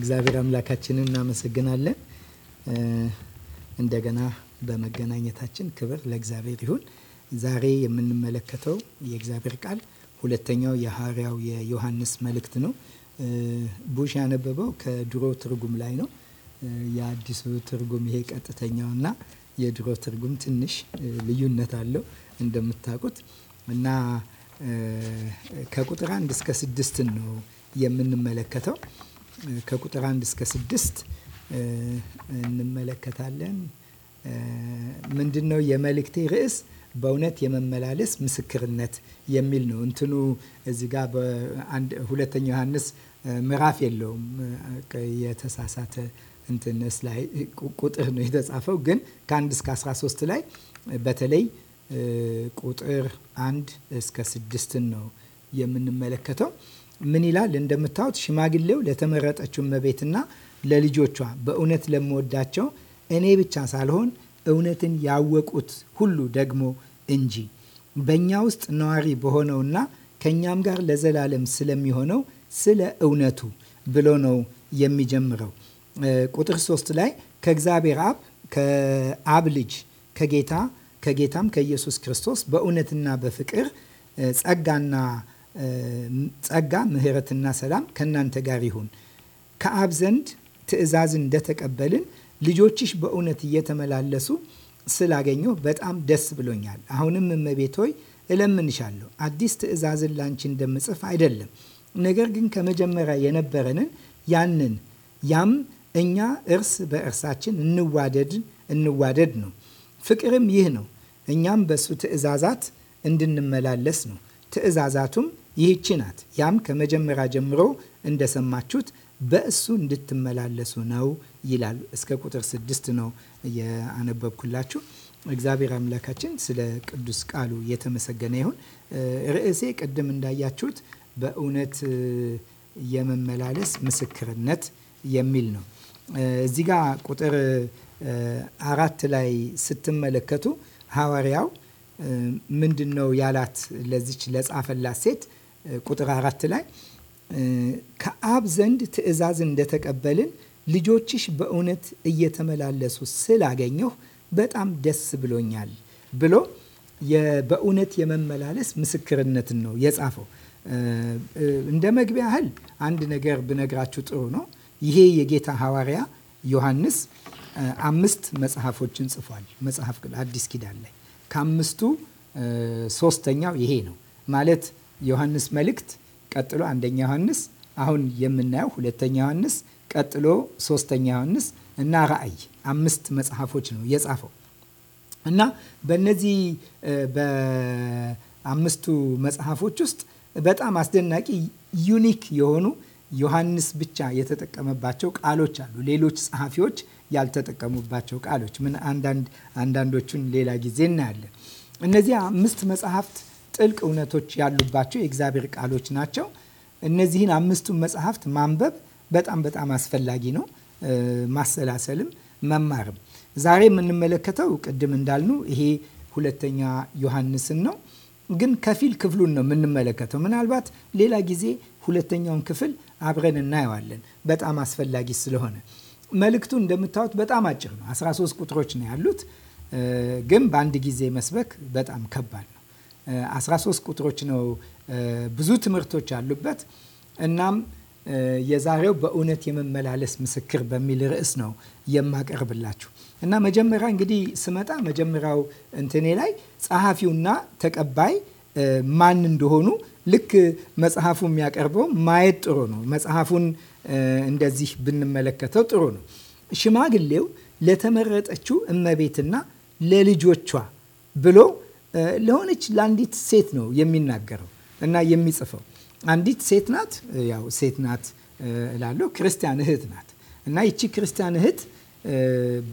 እግዚአብሔር አምላካችንን እናመሰግናለን። እንደገና በመገናኘታችን ክብር ለእግዚአብሔር ይሁን። ዛሬ የምንመለከተው የእግዚአብሔር ቃል ሁለተኛው የሐዋርያው የዮሐንስ መልእክት ነው። ቡሽ ያነበበው ከድሮ ትርጉም ላይ ነው። የአዲሱ ትርጉም ይሄ ቀጥተኛውና የድሮ ትርጉም ትንሽ ልዩነት አለው እንደምታውቁት እና ከቁጥር አንድ እስከ ስድስትን ነው የምንመለከተው ከቁጥር አንድ እስከ ስድስት እንመለከታለን። ምንድን ነው የመልእክቴ ርዕስ? በእውነት የመመላለስ ምስክርነት የሚል ነው። እንትኑ እዚ ጋ ሁለተኛ ዮሐንስ ምዕራፍ የለውም የተሳሳተ ላይ ቁጥር ነው የተጻፈው። ግን ከአንድ እስከ 13 ላይ በተለይ ቁጥር አንድ እስከ ስድስትን ነው የምንመለከተው። ምን ይላል እንደምታዩት ሽማግሌው ለተመረጠችው እመቤትና ለልጆቿ በእውነት ለምወዳቸው እኔ ብቻ ሳልሆን እውነትን ያወቁት ሁሉ ደግሞ እንጂ በእኛ ውስጥ ነዋሪ በሆነውና ከእኛም ጋር ለዘላለም ስለሚሆነው ስለ እውነቱ ብሎ ነው የሚጀምረው። ቁጥር ሶስት ላይ ከእግዚአብሔር አብ ከአብ ልጅ ከጌታ ከጌታም ከኢየሱስ ክርስቶስ በእውነትና በፍቅር ጸጋና ጸጋ ምሕረትና ሰላም ከእናንተ ጋር ይሁን። ከአብ ዘንድ ትእዛዝን እንደተቀበልን ልጆችሽ በእውነት እየተመላለሱ ስላገኘሁ በጣም ደስ ብሎኛል። አሁንም እመቤት ሆይ እለምንሻለሁ፣ አዲስ ትእዛዝን ላንቺ እንደምጽፍ አይደለም፣ ነገር ግን ከመጀመሪያ የነበረንን ያንን ያም እኛ እርስ በእርሳችን እንዋደድ እንዋደድ ነው። ፍቅርም ይህ ነው፣ እኛም በሱ ትእዛዛት እንድንመላለስ ነው። ትእዛዛቱም ይህቺ ናት። ያም ከመጀመሪያ ጀምሮ እንደሰማችሁት በእሱ እንድትመላለሱ ነው ይላል። እስከ ቁጥር ስድስት ነው የአነበብኩላችሁ። እግዚአብሔር አምላካችን ስለ ቅዱስ ቃሉ የተመሰገነ ይሁን። ርዕሴ ቅድም እንዳያችሁት በእውነት የመመላለስ ምስክርነት የሚል ነው። እዚህ ጋ ቁጥር አራት ላይ ስትመለከቱ ሐዋርያው ምንድን ነው ያላት ለዚች ለጻፈላት ሴት ቁጥር አራት ላይ ከአብ ዘንድ ትእዛዝ እንደተቀበልን ልጆችሽ በእውነት እየተመላለሱ ስላገኘሁ በጣም ደስ ብሎኛል ብሎ በእውነት የመመላለስ ምስክርነትን ነው የጻፈው። እንደ መግቢያ ያህል አንድ ነገር ብነግራችሁ ጥሩ ነው። ይሄ የጌታ ሐዋርያ ዮሐንስ አምስት መጽሐፎችን ጽፏል። መጽሐፍ አዲስ ኪዳን ላይ ከአምስቱ ሶስተኛው ይሄ ነው ማለት ዮሐንስ መልእክት፣ ቀጥሎ አንደኛ ዮሐንስ፣ አሁን የምናየው ሁለተኛ ዮሐንስ፣ ቀጥሎ ሶስተኛ ዮሐንስ እና ራእይ አምስት መጽሐፎች ነው የጻፈው እና በእነዚህ በአምስቱ መጽሐፎች ውስጥ በጣም አስደናቂ ዩኒክ የሆኑ ዮሐንስ ብቻ የተጠቀመባቸው ቃሎች አሉ። ሌሎች ጸሐፊዎች ያልተጠቀሙባቸው ቃሎች ምን አንዳንዶቹን ሌላ ጊዜ እናያለን። እነዚህ አምስት መጽሐፍት ጥልቅ እውነቶች ያሉባቸው የእግዚአብሔር ቃሎች ናቸው። እነዚህን አምስቱን መጽሐፍት ማንበብ በጣም በጣም አስፈላጊ ነው። ማሰላሰልም መማርም። ዛሬ የምንመለከተው ቅድም እንዳልኑ ይሄ ሁለተኛ ዮሐንስን ነው፣ ግን ከፊል ክፍሉን ነው የምንመለከተው። ምናልባት ሌላ ጊዜ ሁለተኛውን ክፍል አብረን እናየዋለን፣ በጣም አስፈላጊ ስለሆነ። መልእክቱ እንደምታዩት በጣም አጭር ነው። 13 ቁጥሮች ነው ያሉት፣ ግን በአንድ ጊዜ መስበክ በጣም ከባድ ነው። 13 ቁጥሮች ነው። ብዙ ትምህርቶች አሉበት። እናም የዛሬው በእውነት የመመላለስ ምስክር በሚል ርዕስ ነው የማቀርብላችሁ እና መጀመሪያ እንግዲህ ስመጣ መጀመሪያው እንትኔ ላይ ጸሐፊውና ተቀባይ ማን እንደሆኑ ልክ መጽሐፉ የሚያቀርበው ማየት ጥሩ ነው። መጽሐፉን እንደዚህ ብንመለከተው ጥሩ ነው። ሽማግሌው ለተመረጠችው እመቤትና ለልጆቿ ብሎ ለሆነች ለአንዲት ሴት ነው የሚናገረው እና የሚጽፈው። አንዲት ሴት ናት፣ ያው ሴት ናት እላለሁ፣ ክርስቲያን እህት ናት እና ይቺ ክርስቲያን እህት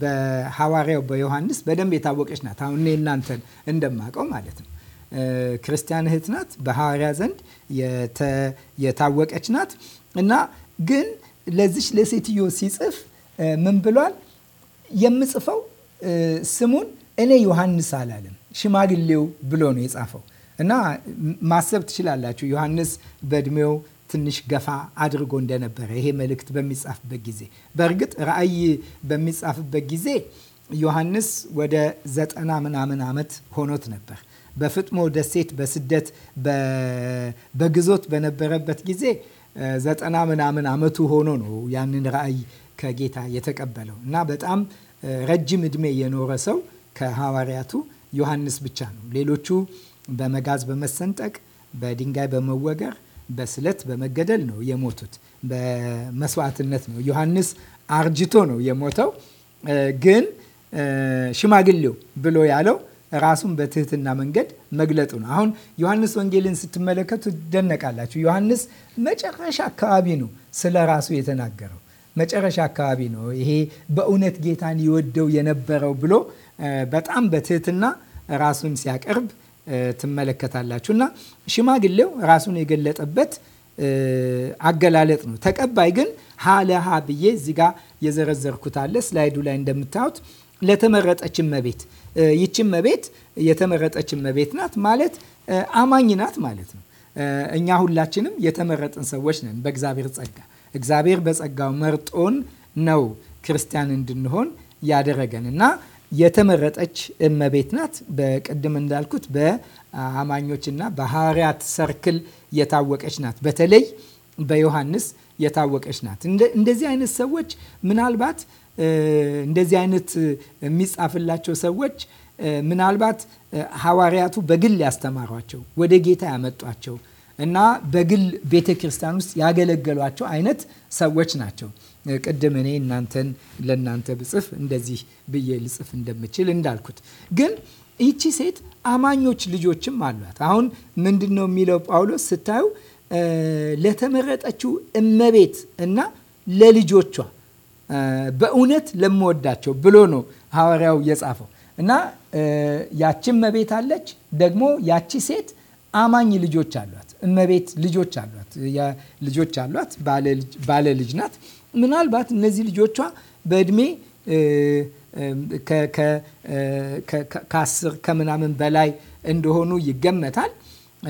በሐዋርያው በዮሐንስ በደንብ የታወቀች ናት። አሁን እኔ እናንተን እንደማቀው ማለት ነው። ክርስቲያን እህት ናት፣ በሐዋርያ ዘንድ የታወቀች ናት እና ግን ለዚች ለሴትዮ ሲጽፍ ምን ብሏል? የምጽፈው ስሙን እኔ ዮሐንስ አላለም ሽማግሌው ብሎ ነው የጻፈው እና ማሰብ ትችላላችሁ ዮሐንስ በእድሜው ትንሽ ገፋ አድርጎ እንደነበረ ይሄ መልእክት በሚጻፍበት ጊዜ በእርግጥ ራእይ በሚጻፍበት ጊዜ ዮሐንስ ወደ ዘጠና ምናምን ዓመት ሆኖት ነበር። በፍጥሞ ደሴት በስደት በግዞት በነበረበት ጊዜ ዘጠና ምናምን ዓመቱ ሆኖ ነው ያንን ራእይ ከጌታ የተቀበለው እና በጣም ረጅም እድሜ የኖረ ሰው ከሐዋርያቱ ዮሐንስ ብቻ ነው። ሌሎቹ በመጋዝ በመሰንጠቅ በድንጋይ በመወገር በስለት በመገደል ነው የሞቱት። በመስዋዕትነት ነው። ዮሐንስ አርጅቶ ነው የሞተው። ግን ሽማግሌው ብሎ ያለው ራሱን በትህትና መንገድ መግለጡ ነው። አሁን ዮሐንስ ወንጌልን ስትመለከቱ ትደነቃላችሁ። ዮሐንስ መጨረሻ አካባቢ ነው ስለ ራሱ የተናገረው። መጨረሻ አካባቢ ነው ይሄ በእውነት ጌታን ይወደው የነበረው ብሎ በጣም በትህትና ራሱን ሲያቀርብ ትመለከታላችሁ እና ሽማግሌው ራሱን የገለጠበት አገላለጥ ነው። ተቀባይ ግን ሀለሀ ብዬ እዚ ጋ የዘረዘርኩት አለ ስላይዱ ላይ እንደምታዩት ለተመረጠች እመቤት ይቺ እመቤት የተመረጠች እመቤት ናት ማለት አማኝ ናት ማለት ነው። እኛ ሁላችንም የተመረጥን ሰዎች ነን በእግዚአብሔር ጸጋ። እግዚአብሔር በጸጋው መርጦን ነው ክርስቲያን እንድንሆን ያደረገን እና የተመረጠች እመቤት ናት። በቅድም እንዳልኩት በአማኞችና በሐዋርያት ሰርክል የታወቀች ናት። በተለይ በዮሐንስ የታወቀች ናት። እንደዚህ አይነት ሰዎች ምናልባት እንደዚህ አይነት የሚጻፍላቸው ሰዎች ምናልባት ሐዋርያቱ በግል ያስተማሯቸው፣ ወደ ጌታ ያመጧቸው እና በግል ቤተ ክርስቲያን ውስጥ ያገለገሏቸው አይነት ሰዎች ናቸው። ቅድም እኔ እናንተን ለእናንተ ብጽፍ እንደዚህ ብዬ ልጽፍ እንደምችል እንዳልኩት ግን ይቺ ሴት አማኞች ልጆችም አሏት። አሁን ምንድን ነው የሚለው ጳውሎስ ስታዩ ለተመረጠችው እመቤት እና ለልጆቿ በእውነት ለምወዳቸው ብሎ ነው ሐዋርያው የጻፈው እና ያቺ እመቤት አለች፣ ደግሞ ያቺ ሴት አማኝ ልጆች አሏት። እመቤት ልጆች አሏት ልጆች አሏት ባለ ልጅ ናት። ምናልባት እነዚህ ልጆቿ በእድሜ ከአስር ከምናምን በላይ እንደሆኑ ይገመታል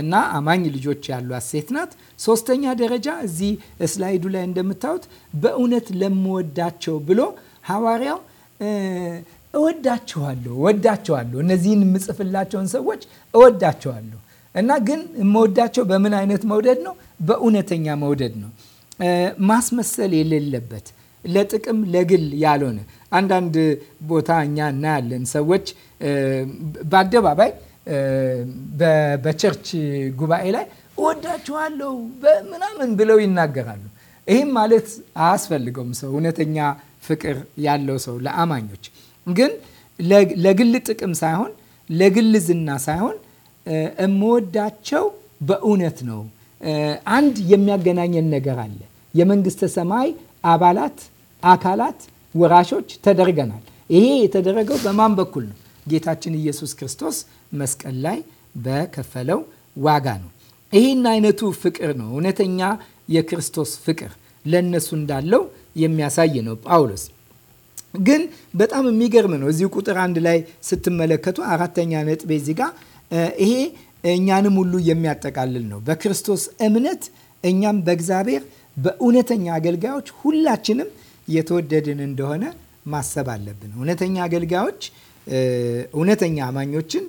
እና አማኝ ልጆች ያሏት ሴት ናት። ሶስተኛ ደረጃ እዚህ ስላይዱ ላይ እንደምታዩት በእውነት ለምወዳቸው ብሎ ሐዋርያው እወዳቸዋለሁ ወዳቸዋለሁ እነዚህን የምጽፍላቸውን ሰዎች እወዳቸዋለሁ እና ግን የምወዳቸው በምን አይነት መውደድ ነው? በእውነተኛ መውደድ ነው። ማስመሰል የሌለበት ለጥቅም ለግል ያልሆነ አንዳንድ ቦታ እኛ እናያለን ሰዎች በአደባባይ በቸርች ጉባኤ ላይ እወዳችኋለሁ ምናምን ብለው ይናገራሉ። ይህም ማለት አያስፈልገውም። ሰው እውነተኛ ፍቅር ያለው ሰው ለአማኞች ግን ለግል ጥቅም ሳይሆን ለግል ዝና ሳይሆን እምወዳቸው በእውነት ነው። አንድ የሚያገናኘን ነገር አለ። የመንግስተ ሰማይ አባላት፣ አካላት፣ ወራሾች ተደርገናል። ይሄ የተደረገው በማን በኩል ነው? ጌታችን ኢየሱስ ክርስቶስ መስቀል ላይ በከፈለው ዋጋ ነው። ይህን አይነቱ ፍቅር ነው እውነተኛ የክርስቶስ ፍቅር ለእነሱ እንዳለው የሚያሳይ ነው። ጳውሎስ ግን በጣም የሚገርም ነው። እዚሁ ቁጥር አንድ ላይ ስትመለከቱ አራተኛ ነጥቤ እዚህ ጋር ይሄ እኛንም ሁሉ የሚያጠቃልል ነው። በክርስቶስ እምነት እኛም በእግዚአብሔር በእውነተኛ አገልጋዮች ሁላችንም የተወደድን እንደሆነ ማሰብ አለብን። እውነተኛ አገልጋዮች እውነተኛ አማኞችን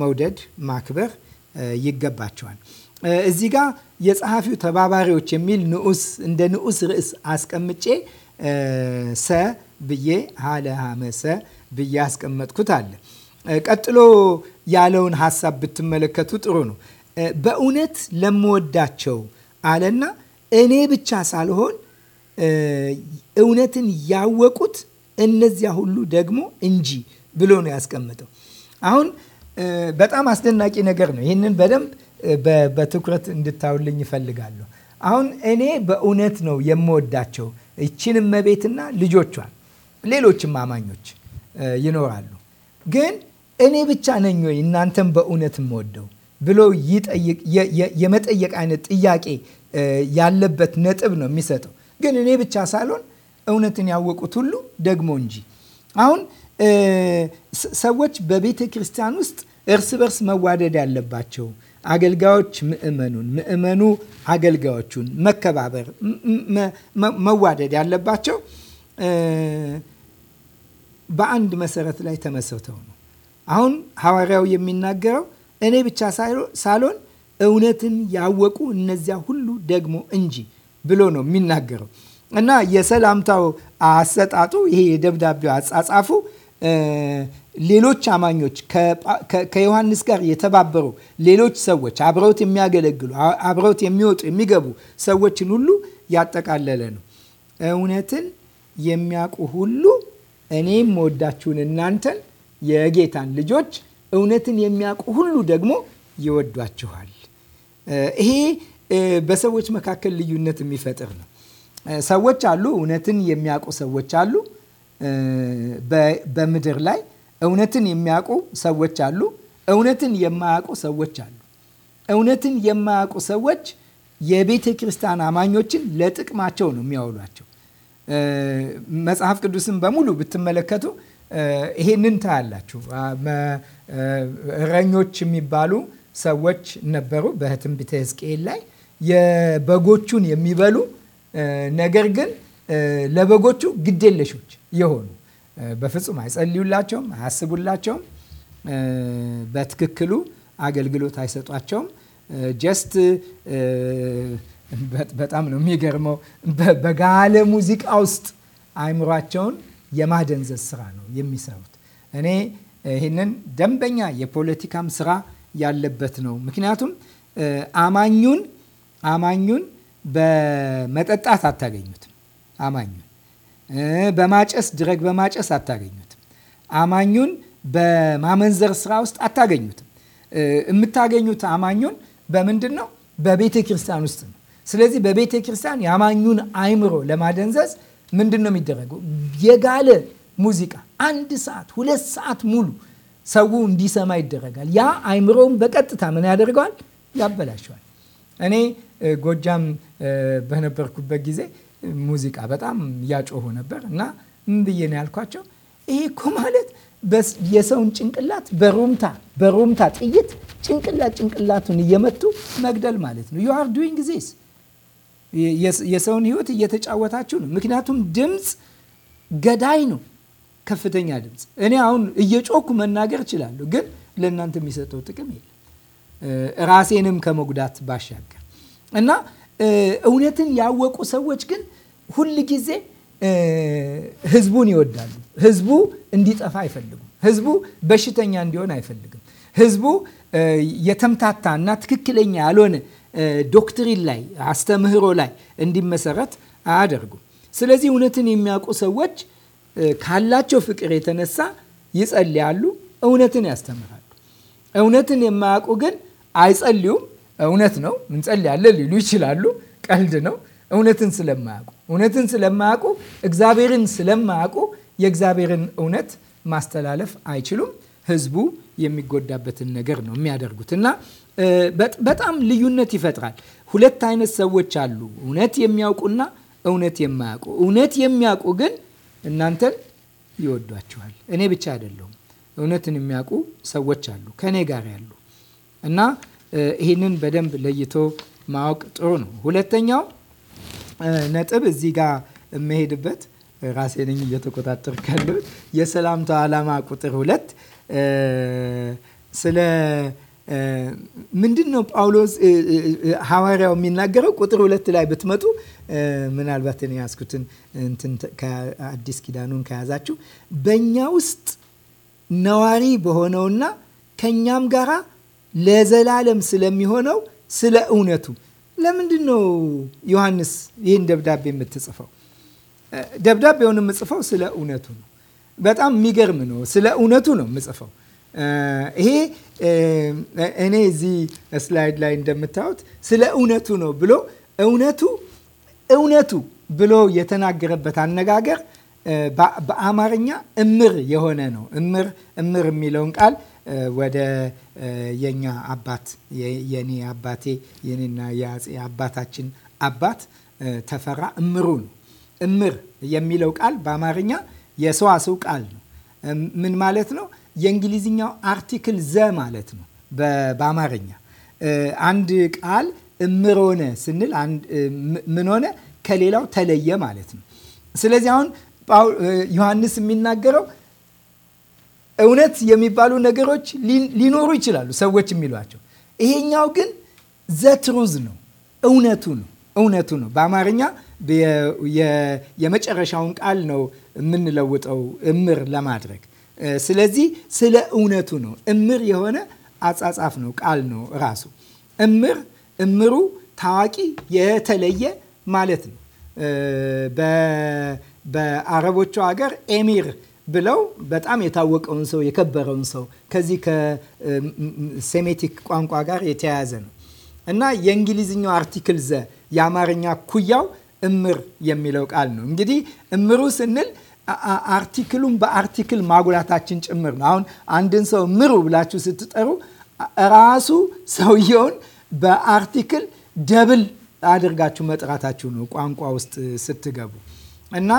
መውደድ፣ ማክበር ይገባቸዋል። እዚህ ጋ የጸሐፊው ተባባሪዎች የሚል ንዑስ እንደ ንዑስ ርዕስ አስቀምጬ ሰ ብዬ ሀለ ሀመሰ ብዬ አስቀመጥኩት አለ ቀጥሎ ያለውን ሀሳብ ብትመለከቱ ጥሩ ነው። በእውነት ለምወዳቸው አለና እኔ ብቻ ሳልሆን እውነትን ያወቁት እነዚያ ሁሉ ደግሞ እንጂ ብሎ ነው ያስቀመጠው። አሁን በጣም አስደናቂ ነገር ነው። ይህንን በደንብ በትኩረት እንድታዩልኝ ይፈልጋለሁ። አሁን እኔ በእውነት ነው የምወዳቸው ይችን መቤትና ልጆቿን፣ ሌሎችም አማኞች ይኖራሉ ግን እኔ ብቻ ነኝ ወይ እናንተም በእውነት የምወደው ብሎ ይጠይቅ የመጠየቅ አይነት ጥያቄ ያለበት ነጥብ ነው የሚሰጠው። ግን እኔ ብቻ ሳልሆን እውነትን ያወቁት ሁሉ ደግሞ እንጂ። አሁን ሰዎች በቤተ ክርስቲያን ውስጥ እርስ በርስ መዋደድ ያለባቸው አገልጋዮች ምእመኑን፣ ምእመኑ አገልጋዮቹን መከባበር፣ መዋደድ ያለባቸው በአንድ መሰረት ላይ ተመስርተው ነው። አሁን ሐዋርያው የሚናገረው እኔ ብቻ ሳልሆን እውነትን ያወቁ እነዚያ ሁሉ ደግሞ እንጂ ብሎ ነው የሚናገረው እና የሰላምታው አሰጣጡ ይሄ የደብዳቤው አጻጻፉ ሌሎች አማኞች ከዮሐንስ ጋር የተባበሩ ሌሎች ሰዎች አብረውት የሚያገለግሉ አብረውት የሚወጡ የሚገቡ ሰዎችን ሁሉ ያጠቃለለ ነው። እውነትን የሚያውቁ ሁሉ እኔም ወዳችሁን እናንተን የጌታን ልጆች እውነትን የሚያውቁ ሁሉ ደግሞ ይወዷችኋል። ይሄ በሰዎች መካከል ልዩነት የሚፈጥር ነው። ሰዎች አሉ፣ እውነትን የሚያውቁ ሰዎች አሉ። በምድር ላይ እውነትን የሚያውቁ ሰዎች አሉ፣ እውነትን የማያውቁ ሰዎች አሉ። እውነትን የማያውቁ ሰዎች የቤተ ክርስቲያን አማኞችን ለጥቅማቸው ነው የሚያውሏቸው። መጽሐፍ ቅዱስን በሙሉ ብትመለከቱ ይሄንን ታያላችሁ። እረኞች የሚባሉ ሰዎች ነበሩ በትንቢተ ሕዝቅኤል ላይ የበጎቹን የሚበሉ ነገር ግን ለበጎቹ ግዴለሾች የሆኑ በፍጹም አይጸልዩላቸውም፣ አያስቡላቸውም፣ በትክክሉ አገልግሎት አይሰጧቸውም። ጀስት በጣም ነው የሚገርመው። በጋለ ሙዚቃ ውስጥ አይምሯቸውን የማደንዘዝ ስራ ነው የሚሰሩት። እኔ ይህንን ደንበኛ የፖለቲካም ስራ ያለበት ነው። ምክንያቱም አማኙን አማኙን በመጠጣት አታገኙትም። አማኙን በማጨስ ድረግ በማጨስ አታገኙትም። አማኙን በማመንዘር ስራ ውስጥ አታገኙትም። የምታገኙት አማኙን በምንድን ነው? በቤተ ክርስቲያን ውስጥ ነው። ስለዚህ በቤተ ክርስቲያን የአማኙን አይምሮ ለማደንዘዝ ምንድን ነው የሚደረገው? የጋለ ሙዚቃ አንድ ሰዓት ሁለት ሰዓት ሙሉ ሰው እንዲሰማ ይደረጋል። ያ አይምሮውን በቀጥታ ምን ያደርገዋል? ያበላሸዋል። እኔ ጎጃም በነበርኩበት ጊዜ ሙዚቃ በጣም ያጮሁ ነበር እና ምን ብዬ ነው ያልኳቸው? ይሄ እኮ ማለት የሰውን ጭንቅላት በሩምታ በሩምታ ጥይት ጭንቅላት ጭንቅላቱን እየመቱ መግደል ማለት ነው። ዩ አር ዱዊንግ ዚስ የሰውን ህይወት እየተጫወታችሁ ነው። ምክንያቱም ድምፅ ገዳይ ነው፣ ከፍተኛ ድምፅ። እኔ አሁን እየጮኩ መናገር እችላለሁ፣ ግን ለእናንተ የሚሰጠው ጥቅም የለም ራሴንም ከመጉዳት ባሻገር እና እውነትን ያወቁ ሰዎች ግን ሁል ጊዜ ህዝቡን ይወዳሉ። ህዝቡ እንዲጠፋ አይፈልጉም። ህዝቡ በሽተኛ እንዲሆን አይፈልግም። ህዝቡ የተምታታ እና ትክክለኛ ያልሆነ ዶክትሪን ላይ አስተምህሮ ላይ እንዲመሰረት አያደርጉም። ስለዚህ እውነትን የሚያውቁ ሰዎች ካላቸው ፍቅር የተነሳ ይጸልያሉ፣ እውነትን ያስተምራሉ። እውነትን የማያውቁ ግን አይጸልዩም። እውነት ነው እንጸልያለን ሊሉ ይችላሉ። ቀልድ ነው። እውነትን ስለማያውቁ እውነትን ስለማያውቁ እግዚአብሔርን ስለማያውቁ የእግዚአብሔርን እውነት ማስተላለፍ አይችሉም። ህዝቡ የሚጎዳበትን ነገር ነው የሚያደርጉት እና በጣም ልዩነት ይፈጥራል። ሁለት አይነት ሰዎች አሉ፣ እውነት የሚያውቁና እውነት የማያውቁ። እውነት የሚያውቁ ግን እናንተን ይወዷችኋል። እኔ ብቻ አይደለሁም፣ እውነትን የሚያውቁ ሰዎች አሉ ከእኔ ጋር ያሉ እና ይህንን በደንብ ለይቶ ማወቅ ጥሩ ነው። ሁለተኛው ነጥብ እዚህ ጋር የምሄድበት ራሴ ነኝ እየተቆጣጠር ካለሁት የሰላምታ ዓላማ ቁጥር ሁለት ስለ ምንድን ነው ጳውሎስ ሐዋርያው የሚናገረው? ቁጥር ሁለት ላይ ብትመጡ ምናልባት እኔ ያስኩትን እንትን አዲስ ኪዳኑን ከያዛችሁ በእኛ ውስጥ ነዋሪ በሆነውና ከእኛም ጋራ ለዘላለም ስለሚሆነው ስለ እውነቱ ለምንድን ነው ዮሐንስ ይህን ደብዳቤ የምትጽፈው? ደብዳቤውን የምጽፈው ስለ እውነቱ ነው። በጣም የሚገርም ነው። ስለ እውነቱ ነው የምጽፈው። ይሄ እኔ እዚህ ስላይድ ላይ እንደምታዩት ስለ እውነቱ ነው ብሎ እውነቱ እውነቱ ብሎ የተናገረበት አነጋገር በአማርኛ እምር የሆነ ነው። እምር እምር የሚለውን ቃል ወደ የኛ አባት የኔ አባቴ የኔና የአጼ አባታችን አባት ተፈራ እምሩ ነው። እምር የሚለው ቃል በአማርኛ የሰዋስው ቃል ነው። ምን ማለት ነው? የእንግሊዝኛው አርቲክል ዘ ማለት ነው። በአማርኛ አንድ ቃል እምር ሆነ ስንል ምን ሆነ? ከሌላው ተለየ ማለት ነው። ስለዚህ አሁን ዮሐንስ የሚናገረው እውነት የሚባሉ ነገሮች ሊኖሩ ይችላሉ ሰዎች የሚሏቸው። ይሄኛው ግን ዘትሩዝ ነው፣ እውነቱ ነው እውነቱ ነው። በአማርኛ የመጨረሻውን ቃል ነው የምንለውጠው እምር ለማድረግ ስለዚህ ስለ እውነቱ ነው። እምር የሆነ አጻጻፍ ነው፣ ቃል ነው ራሱ እምር እምሩ ታዋቂ የተለየ ማለት ነው። በአረቦቹ ሀገር ኤሚር ብለው በጣም የታወቀውን ሰው የከበረውን ሰው ከዚህ ከሴሜቲክ ቋንቋ ጋር የተያያዘ ነው እና የእንግሊዝኛው አርቲክል ዘ የአማርኛ ኩያው እምር የሚለው ቃል ነው። እንግዲህ እምሩ ስንል አርቲክሉን በአርቲክል ማጉላታችን ጭምር ነው። አሁን አንድን ሰው እምሩ ብላችሁ ስትጠሩ ራሱ ሰውየውን በአርቲክል ደብል አድርጋችሁ መጥራታችሁ ነው ቋንቋ ውስጥ ስትገቡ እና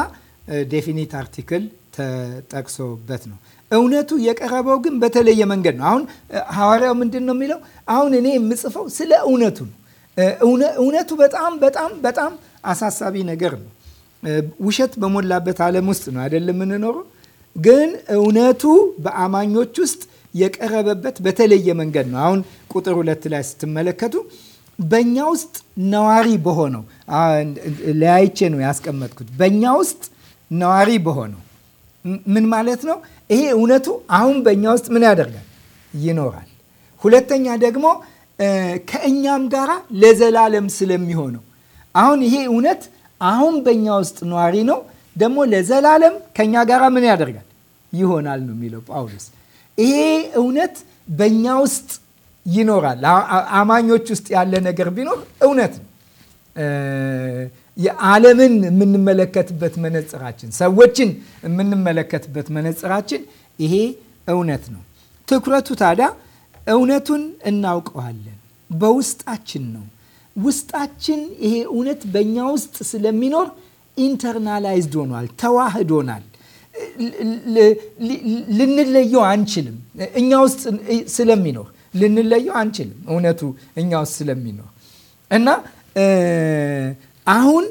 ዴፊኒት አርቲክል ተጠቅሶበት ነው። እውነቱ የቀረበው ግን በተለየ መንገድ ነው። አሁን ሐዋርያው ምንድን ነው የሚለው? አሁን እኔ የምጽፈው ስለ እውነቱ ነው። እውነቱ በጣም በጣም በጣም አሳሳቢ ነገር ነው። ውሸት በሞላበት ዓለም ውስጥ ነው አይደለም የምንኖረው። ግን እውነቱ በአማኞች ውስጥ የቀረበበት በተለየ መንገድ ነው። አሁን ቁጥር ሁለት ላይ ስትመለከቱ በእኛ ውስጥ ነዋሪ በሆነው ለያይቼ ነው ያስቀመጥኩት። በእኛ ውስጥ ነዋሪ በሆነው ምን ማለት ነው? ይሄ እውነቱ አሁን በእኛ ውስጥ ምን ያደርጋል? ይኖራል። ሁለተኛ ደግሞ ከእኛም ጋራ ለዘላለም ስለሚሆነው አሁን ይሄ እውነት አሁን በእኛ ውስጥ ነዋሪ ነው፣ ደግሞ ለዘላለም ከእኛ ጋር ምን ያደርጋል ይሆናል ነው የሚለው ጳውሎስ። ይሄ እውነት በእኛ ውስጥ ይኖራል። አማኞች ውስጥ ያለ ነገር ቢኖር እውነት ነው። የዓለምን የምንመለከትበት መነጽራችን፣ ሰዎችን የምንመለከትበት መነጽራችን ይሄ እውነት ነው። ትኩረቱ ታዲያ እውነቱን እናውቀዋለን፣ በውስጣችን ነው ውስጣችን ይሄ እውነት በእኛ ውስጥ ስለሚኖር ኢንተርናላይዝድ ሆኗል፣ ተዋህዶናል። ልንለየው አንችልም። እኛ ውስጥ ስለሚኖር ልንለየው አንችልም። እውነቱ እኛ ውስጥ ስለሚኖር እና አሁን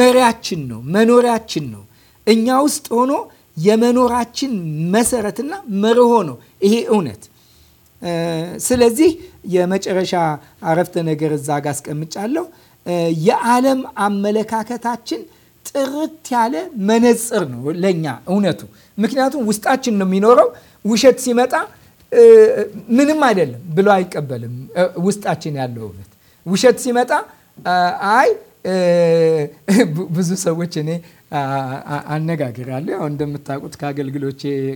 መሪያችን ነው፣ መኖሪያችን ነው። እኛ ውስጥ ሆኖ የመኖራችን መሰረትና መርሆ ነው ይሄ እውነት ስለዚህ የመጨረሻ አረፍተ ነገር እዛ ጋ አስቀምጫለሁ። የዓለም አመለካከታችን ጥርት ያለ መነጽር ነው ለእኛ እውነቱ። ምክንያቱም ውስጣችን ነው የሚኖረው። ውሸት ሲመጣ ምንም አይደለም ብሎ አይቀበልም ውስጣችን ያለው እውነት። ውሸት ሲመጣ አይ ብዙ ሰዎች እኔ አነጋግራለሁ። ያው እንደምታውቁት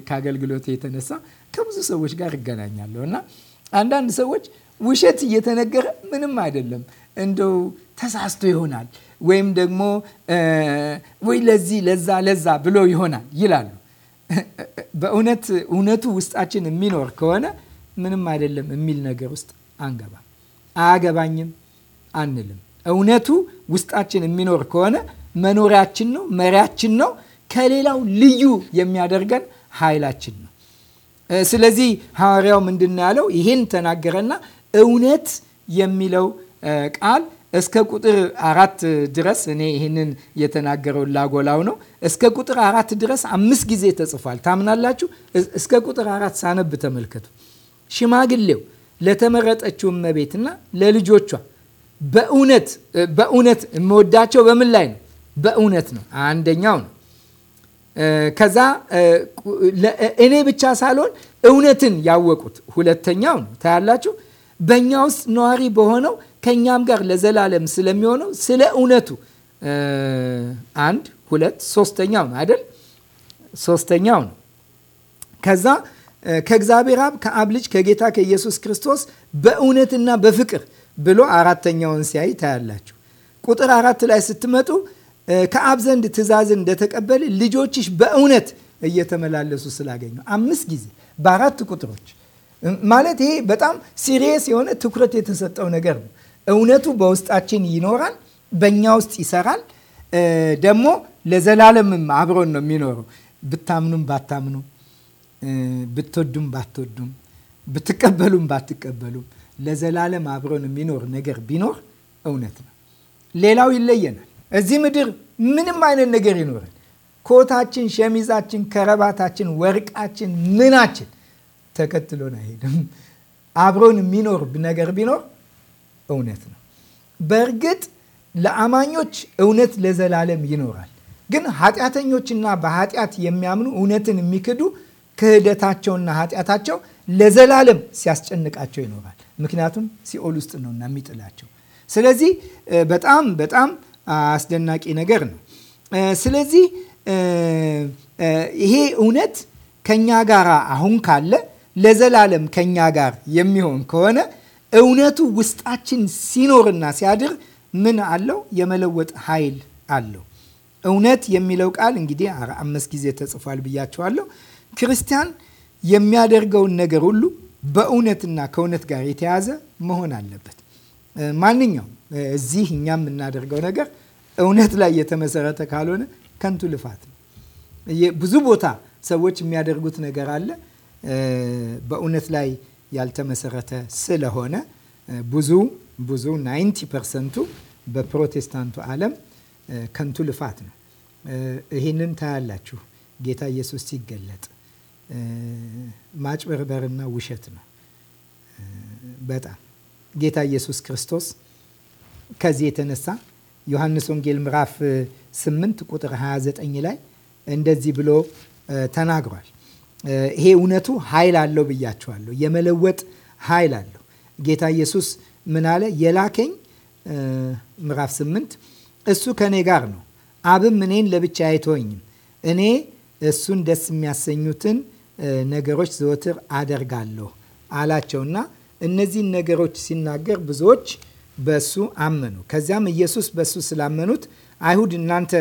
ከአገልግሎቴ የተነሳ ከብዙ ሰዎች ጋር እገናኛለሁ እና አንዳንድ ሰዎች ውሸት እየተነገረ ምንም አይደለም እንደው ተሳስቶ ይሆናል ወይም ደግሞ ወይ ለዚህ ለዛ ለዛ ብሎ ይሆናል ይላሉ። በእውነት እውነቱ ውስጣችን የሚኖር ከሆነ ምንም አይደለም የሚል ነገር ውስጥ አንገባም፣ አያገባኝም አንልም። እውነቱ ውስጣችን የሚኖር ከሆነ መኖሪያችን ነው፣ መሪያችን ነው። ከሌላው ልዩ የሚያደርገን ኃይላችን ነው። ስለዚህ ሐዋርያው ምንድን ያለው? ይህን ተናገረና እውነት የሚለው ቃል እስከ ቁጥር አራት ድረስ እኔ ይህንን የተናገረው ላጎላው ነው። እስከ ቁጥር አራት ድረስ አምስት ጊዜ ተጽፏል። ታምናላችሁ? እስከ ቁጥር አራት ሳነብ ተመልከቱ። ሽማግሌው ለተመረጠችው እመቤትና ለልጆቿ በእውነት በእውነት የምወዳቸው በምን ላይ ነው? በእውነት ነው። አንደኛው ነው ከዛ እኔ ብቻ ሳልሆን እውነትን ያወቁት ሁለተኛው ነው። ታያላችሁ በእኛ ውስጥ ነዋሪ በሆነው ከእኛም ጋር ለዘላለም ስለሚሆነው ስለ እውነቱ አንድ ሁለት ሶስተኛው ነው አይደል? ሶስተኛው ነው። ከዛ ከእግዚአብሔር አብ ከአብ ልጅ ከጌታ ከኢየሱስ ክርስቶስ በእውነትና በፍቅር ብሎ አራተኛውን ሲያይ ታያላችሁ። ቁጥር አራት ላይ ስትመጡ ከአብ ዘንድ ትእዛዝን እንደተቀበል ልጆችሽ በእውነት እየተመላለሱ ስላገኙ አምስት ጊዜ በአራት ቁጥሮች ማለት ይሄ በጣም ሲሪየስ የሆነ ትኩረት የተሰጠው ነገር ነው። እውነቱ በውስጣችን ይኖራል፣ በእኛ ውስጥ ይሰራል፣ ደግሞ ለዘላለምም አብሮን ነው የሚኖረው። ብታምኑም ባታምኑም፣ ብትወዱም ባትወዱም፣ ብትቀበሉም ባትቀበሉም፣ ለዘላለም አብሮን የሚኖር ነገር ቢኖር እውነት ነው። ሌላው ይለየናል። እዚህ ምድር ምንም አይነት ነገር ይኖረን ኮታችን፣ ሸሚዛችን፣ ከረባታችን፣ ወርቃችን፣ ምናችን ተከትሎን አይሄድም። አብሮን የሚኖር ነገር ቢኖር እውነት ነው። በእርግጥ ለአማኞች እውነት ለዘላለም ይኖራል። ግን ኃጢአተኞችና በኃጢአት የሚያምኑ እውነትን የሚክዱ ክህደታቸውና ኃጢአታቸው ለዘላለም ሲያስጨንቃቸው ይኖራል። ምክንያቱም ሲኦል ውስጥ ነውና የሚጥላቸው። ስለዚህ በጣም በጣም አስደናቂ ነገር ነው። ስለዚህ ይሄ እውነት ከኛ ጋር አሁን ካለ ለዘላለም ከኛ ጋር የሚሆን ከሆነ እውነቱ ውስጣችን ሲኖርና ሲያድር ምን አለው? የመለወጥ ኃይል አለው። እውነት የሚለው ቃል እንግዲህ አምስት ጊዜ ተጽፏል ብያቸዋለሁ። ክርስቲያን የሚያደርገውን ነገር ሁሉ በእውነትና ከእውነት ጋር የተያዘ መሆን አለበት። ማንኛው እዚህ እኛ የምናደርገው ነገር እውነት ላይ የተመሰረተ ካልሆነ ከንቱ ልፋት ነው። ብዙ ቦታ ሰዎች የሚያደርጉት ነገር አለ በእውነት ላይ ያልተመሰረተ ስለሆነ ብዙ ብዙ 90 ፐርሰንቱ በፕሮቴስታንቱ ዓለም ከንቱ ልፋት ነው። ይህንን ታያላችሁ። ጌታ ኢየሱስ ሲገለጥ ማጭበርበርና ውሸት ነው በጣም ጌታ ኢየሱስ ክርስቶስ ከዚህ የተነሳ ዮሐንስ ወንጌል ምዕራፍ 8 ቁጥር 29 ላይ እንደዚህ ብሎ ተናግሯል። ይሄ እውነቱ ኃይል አለው ብያችኋለሁ። የመለወጥ ኃይል አለው። ጌታ ኢየሱስ ምን አለ? የላከኝ ምዕራፍ 8 እሱ ከእኔ ጋር ነው፣ አብም እኔን ለብቻ አይተወኝም። እኔ እሱን ደስ የሚያሰኙትን ነገሮች ዘወትር አደርጋለሁ አላቸውና እነዚህን ነገሮች ሲናገር ብዙዎች በሱ አመኑ። ከዚያም ኢየሱስ በሱ ስላመኑት አይሁድ እናንተ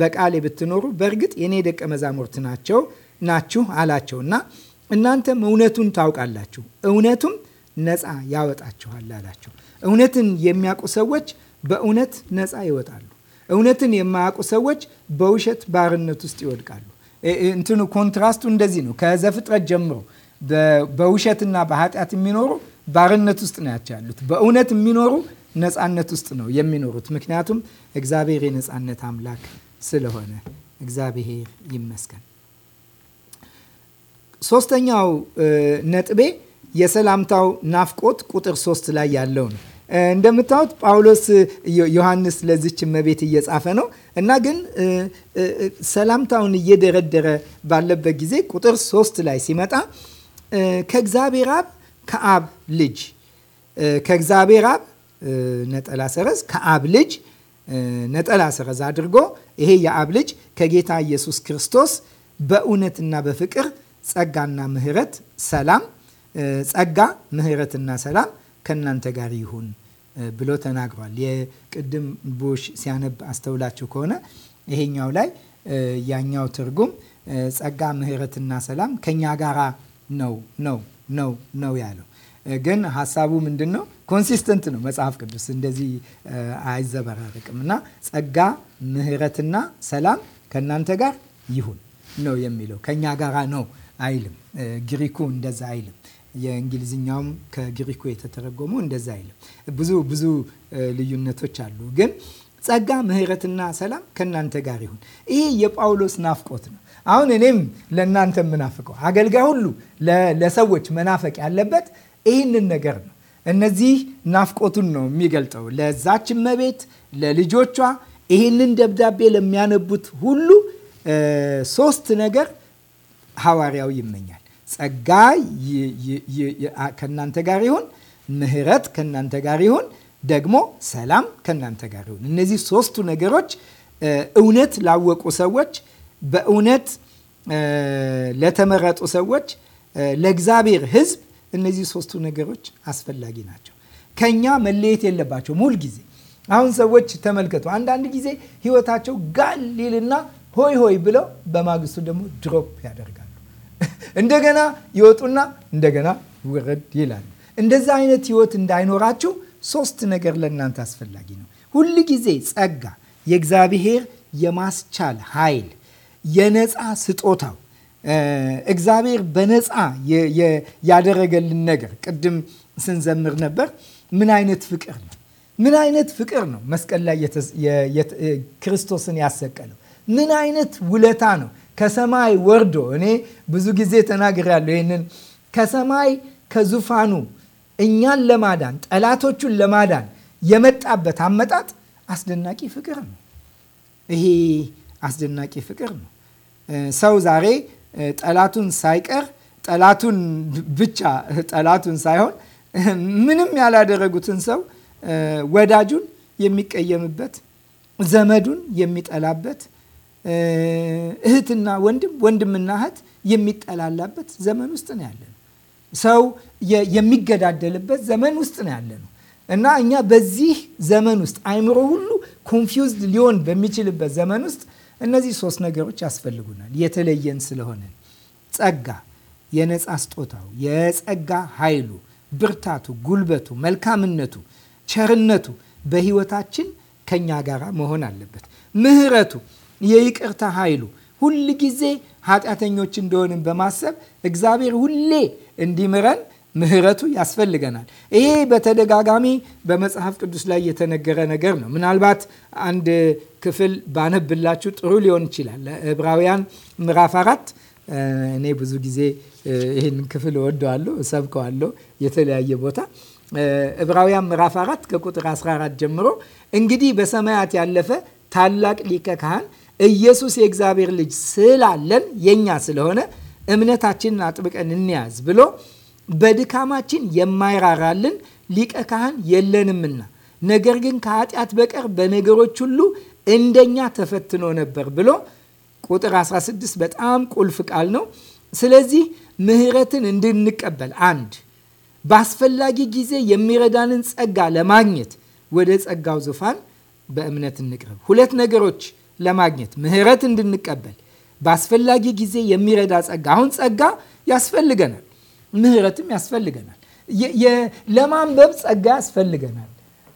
በቃሌ ብትኖሩ በእርግጥ የኔ ደቀ መዛሙርት ናቸው ናችሁ አላቸው እና እናንተም እውነቱን ታውቃላችሁ፣ እውነቱም ነፃ ያወጣችኋል አላቸው። እውነትን የሚያውቁ ሰዎች በእውነት ነፃ ይወጣሉ። እውነትን የማያውቁ ሰዎች በውሸት ባርነት ውስጥ ይወድቃሉ። እንትኑ ኮንትራስቱ እንደዚህ ነው። ከዘፍጥረት ጀምሮ በውሸትና በኃጢአት የሚኖሩ ባርነት ውስጥ ነው ያሉት። በእውነት የሚኖሩ ነፃነት ውስጥ ነው የሚኖሩት። ምክንያቱም እግዚአብሔር የነፃነት አምላክ ስለሆነ እግዚአብሔር ይመስገን። ሶስተኛው ነጥቤ የሰላምታው ናፍቆት ቁጥር ሶስት ላይ ያለው ነው። እንደምታዩት ጳውሎስ ዮሐንስ ለዚች እመቤት እየጻፈ ነው እና ግን ሰላምታውን እየደረደረ ባለበት ጊዜ ቁጥር ሶስት ላይ ሲመጣ ከእግዚአብሔር አብ ከአብ ልጅ ከእግዚአብሔር አብ ነጠላ ሰረዝ ከአብ ልጅ ነጠላ ሰረዝ አድርጎ ይሄ የአብ ልጅ ከጌታ ኢየሱስ ክርስቶስ በእውነትና በፍቅር ጸጋና ምሕረት ሰላም ጸጋ ምሕረትና ሰላም ከእናንተ ጋር ይሁን ብሎ ተናግሯል። የቅድም ቡሽ ሲያነብ አስተውላችሁ ከሆነ ይሄኛው ላይ ያኛው ትርጉም ጸጋ ምሕረትና ሰላም ከእኛ ጋራ ነው ነው ነው ነው ያለው ግን ሀሳቡ ምንድን ነው? ኮንሲስተንት ነው። መጽሐፍ ቅዱስ እንደዚህ አይዘበራርቅም እና ጸጋ ምሕረትና ሰላም ከእናንተ ጋር ይሁን ነው የሚለው። ከእኛ ጋር ነው አይልም። ግሪኩ እንደዛ አይልም። የእንግሊዝኛውም ከግሪኩ የተተረጎመው እንደዛ አይልም። ብዙ ብዙ ልዩነቶች አሉ። ግን ጸጋ ምሕረትና ሰላም ከእናንተ ጋር ይሁን። ይህ የጳውሎስ ናፍቆት ነው። አሁን እኔም ለእናንተ የምናፍቀው አገልጋይ ሁሉ ለሰዎች መናፈቅ ያለበት ይህንን ነገር ነው። እነዚህ ናፍቆቱን ነው የሚገልጠው ለዛች እመቤት፣ ለልጆቿ ይህንን ደብዳቤ ለሚያነቡት ሁሉ ሶስት ነገር ሐዋርያው ይመኛል። ጸጋ ከእናንተ ጋር ይሁን፣ ምሕረት ከእናንተ ጋር ይሁን፣ ደግሞ ሰላም ከእናንተ ጋር ይሁን። እነዚህ ሶስቱ ነገሮች እውነት ላወቁ ሰዎች፣ በእውነት ለተመረጡ ሰዎች፣ ለእግዚአብሔር ሕዝብ እነዚህ ሶስቱ ነገሮች አስፈላጊ ናቸው። ከኛ መለየት የለባቸው ሙል ጊዜ። አሁን ሰዎች ተመልከቱ፣ አንዳንድ ጊዜ ህይወታቸው ጋል ሊልና ሆይ ሆይ ብለው በማግስቱ ደግሞ ድሮፕ ያደርጋሉ። እንደገና ይወጡና እንደገና ውረድ ይላሉ። እንደዛ አይነት ህይወት እንዳይኖራችሁ ሶስት ነገር ለእናንተ አስፈላጊ ነው። ሁል ጊዜ ጸጋ፣ የእግዚአብሔር የማስቻል ኃይል፣ የነፃ ስጦታው እግዚአብሔር በነፃ ያደረገልን ነገር ቅድም ስንዘምር ነበር። ምን አይነት ፍቅር ነው! ምን አይነት ፍቅር ነው! መስቀል ላይ ክርስቶስን ያሰቀለው ምን አይነት ውለታ ነው! ከሰማይ ወርዶ እኔ ብዙ ጊዜ ተናግሬያለሁ ይህንን ከሰማይ ከዙፋኑ እኛን ለማዳን ጠላቶቹን ለማዳን የመጣበት አመጣጥ አስደናቂ ፍቅር ነው። ይሄ አስደናቂ ፍቅር ነው። ሰው ዛሬ ጠላቱን ሳይቀር ጠላቱን ብቻ ጠላቱን ሳይሆን ምንም ያላደረጉትን ሰው ወዳጁን የሚቀየምበት፣ ዘመዱን የሚጠላበት፣ እህትና ወንድም ወንድምና እህት የሚጠላላበት ዘመን ውስጥ ነው ያለ ነው። ሰው የሚገዳደልበት ዘመን ውስጥ ነው ያለ ነው እና እኛ በዚህ ዘመን ውስጥ አይምሮ ሁሉ ኮንፊውዝድ ሊሆን በሚችልበት ዘመን ውስጥ እነዚህ ሶስት ነገሮች ያስፈልጉናል። የተለየን ስለሆነ ጸጋ፣ የነፃ ስጦታው፣ የጸጋ ኃይሉ፣ ብርታቱ፣ ጉልበቱ፣ መልካምነቱ፣ ቸርነቱ በህይወታችን ከኛ ጋር መሆን አለበት። ምህረቱ፣ የይቅርታ ኃይሉ ሁል ጊዜ ኃጢአተኞች እንደሆንን በማሰብ እግዚአብሔር ሁሌ እንዲምረን ምህረቱ ያስፈልገናል። ይሄ በተደጋጋሚ በመጽሐፍ ቅዱስ ላይ የተነገረ ነገር ነው። ምናልባት አንድ ክፍል ባነብላችሁ ጥሩ ሊሆን ይችላል። ዕብራውያን ምዕራፍ አራት እኔ ብዙ ጊዜ ይህን ክፍል እወደዋለሁ፣ እሰብከዋለሁ የተለያየ ቦታ ዕብራውያን ምዕራፍ አራት ከቁጥር 14 ጀምሮ እንግዲህ በሰማያት ያለፈ ታላቅ ሊቀ ካህን ኢየሱስ የእግዚአብሔር ልጅ ስላለን የኛ ስለሆነ እምነታችንን አጥብቀን እንያዝ ብሎ በድካማችን የማይራራልን ሊቀ ካህን የለንምና ነገር ግን ከኃጢአት በቀር በነገሮች ሁሉ እንደኛ ተፈትኖ ነበር ብሎ ቁጥር 16 በጣም ቁልፍ ቃል ነው። ስለዚህ ምህረትን እንድንቀበል አንድ በአስፈላጊ ጊዜ የሚረዳንን ጸጋ ለማግኘት ወደ ጸጋው ዙፋን በእምነት እንቅረብ። ሁለት ነገሮች ለማግኘት ምህረት እንድንቀበል በአስፈላጊ ጊዜ የሚረዳ ጸጋ። አሁን ጸጋ ያስፈልገናል፣ ምህረትም ያስፈልገናል። ለማንበብ ጸጋ ያስፈልገናል፣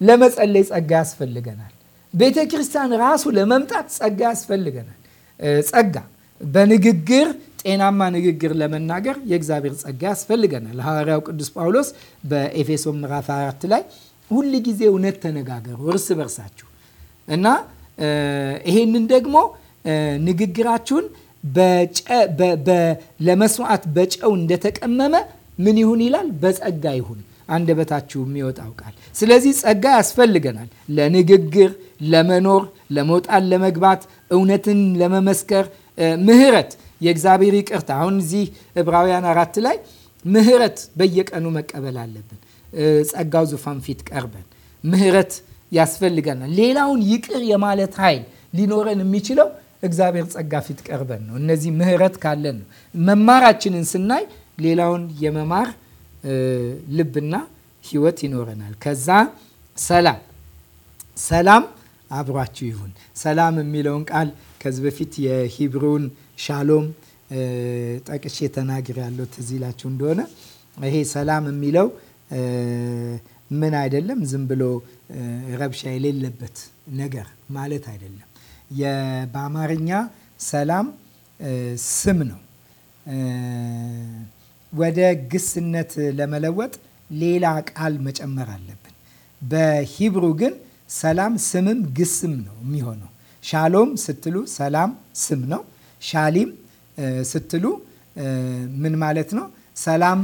ለመጸለይ ጸጋ ያስፈልገናል ቤተ ክርስቲያን ራሱ ለመምጣት ጸጋ ያስፈልገናል። ጸጋ በንግግር ጤናማ ንግግር ለመናገር የእግዚአብሔር ጸጋ ያስፈልገናል። ሐዋርያው ቅዱስ ጳውሎስ በኤፌሶን ምዕራፍ 4 ላይ ሁል ጊዜ እውነት ተነጋገሩ እርስ በርሳችሁ እና ይሄንን ደግሞ ንግግራችሁን ለመስዋዕት በጨው እንደተቀመመ ምን ይሁን ይላል? በጸጋ ይሁን አንደበታችሁ የሚወጣው ቃል። ስለዚህ ጸጋ ያስፈልገናል ለንግግር ለመኖር፣ ለመውጣት፣ ለመግባት፣ እውነትን ለመመስከር ምህረት የእግዚአብሔር ይቅርታ። አሁን እዚህ ዕብራውያን አራት ላይ ምህረት በየቀኑ መቀበል አለብን። ጸጋው ዙፋን ፊት ቀርበን ምህረት ያስፈልገናል። ሌላውን ይቅር የማለት ኃይል ሊኖረን የሚችለው እግዚአብሔር ጸጋ ፊት ቀርበን ነው። እነዚህ ምህረት ካለን ነው። መማራችንን ስናይ ሌላውን የመማር ልብና ህይወት ይኖረናል። ከዛ ሰላም ሰላም አብሯችሁ ይሁን። ሰላም የሚለውን ቃል ከዚህ በፊት የሂብሩን ሻሎም ጠቅሼ ተናግር ያለው ትዝ ይላችሁ እንደሆነ ይሄ ሰላም የሚለው ምን አይደለም፣ ዝም ብሎ ረብሻ የሌለበት ነገር ማለት አይደለም። በአማርኛ ሰላም ስም ነው። ወደ ግስነት ለመለወጥ ሌላ ቃል መጨመር አለብን። በሂብሩ ግን ሰላም ስምም ግስም ነው የሚሆነው። ሻሎም ስትሉ ሰላም ስም ነው። ሻሊም ስትሉ ምን ማለት ነው? ሰላም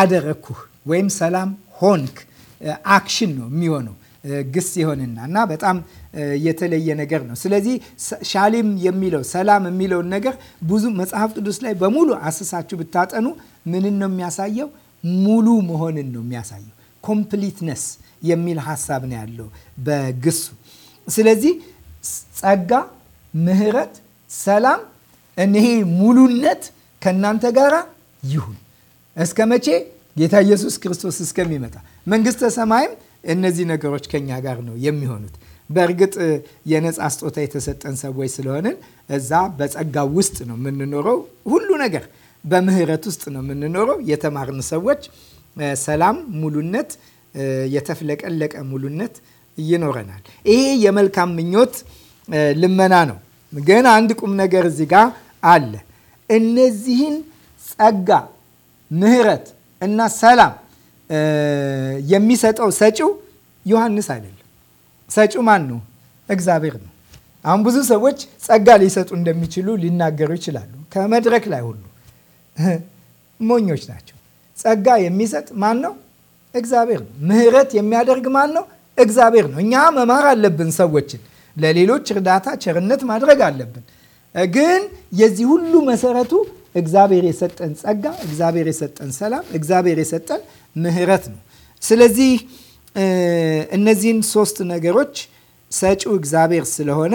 አደረኩህ ወይም ሰላም ሆንክ አክሽን ነው የሚሆነው ግስ የሆንና እና በጣም የተለየ ነገር ነው። ስለዚህ ሻሊም የሚለው ሰላም የሚለውን ነገር ብዙ መጽሐፍ ቅዱስ ላይ በሙሉ አስሳችሁ ብታጠኑ ምንን ነው የሚያሳየው? ሙሉ መሆንን ነው የሚያሳየው ኮምፕሊትነስ የሚል ሀሳብ ነው ያለው በግሱ። ስለዚህ ጸጋ፣ ምህረት ሰላም እኒሄ ሙሉነት ከእናንተ ጋር ይሁን እስከ መቼ? ጌታ ኢየሱስ ክርስቶስ እስከሚመጣ። መንግስተ ሰማይም እነዚህ ነገሮች ከኛ ጋር ነው የሚሆኑት። በእርግጥ የነፃ ስጦታ የተሰጠን ሰዎች ስለሆንን እዛ በጸጋ ውስጥ ነው የምንኖረው። ሁሉ ነገር በምህረት ውስጥ ነው የምንኖረው። የተማርን ሰዎች ሰላም፣ ሙሉነት የተፍለቀለቀ ሙሉነት ይኖረናል። ይሄ የመልካም ምኞት ልመና ነው። ግን አንድ ቁም ነገር እዚህ ጋ አለ። እነዚህን ጸጋ፣ ምሕረት እና ሰላም የሚሰጠው ሰጪው ዮሐንስ አይደለም። ሰጪው ማን ነው? እግዚአብሔር ነው። አሁን ብዙ ሰዎች ጸጋ ሊሰጡ እንደሚችሉ ሊናገሩ ይችላሉ። ከመድረክ ላይ ሁሉ ሞኞች ናቸው። ጸጋ የሚሰጥ ማን ነው? እግዚአብሔር ነው። ምህረት የሚያደርግ ማን ነው? እግዚአብሔር ነው። እኛ መማር አለብን። ሰዎችን ለሌሎች እርዳታ፣ ቸርነት ማድረግ አለብን። ግን የዚህ ሁሉ መሰረቱ እግዚአብሔር የሰጠን ጸጋ፣ እግዚአብሔር የሰጠን ሰላም፣ እግዚአብሔር የሰጠን ምህረት ነው። ስለዚህ እነዚህን ሶስት ነገሮች ሰጪው እግዚአብሔር ስለሆነ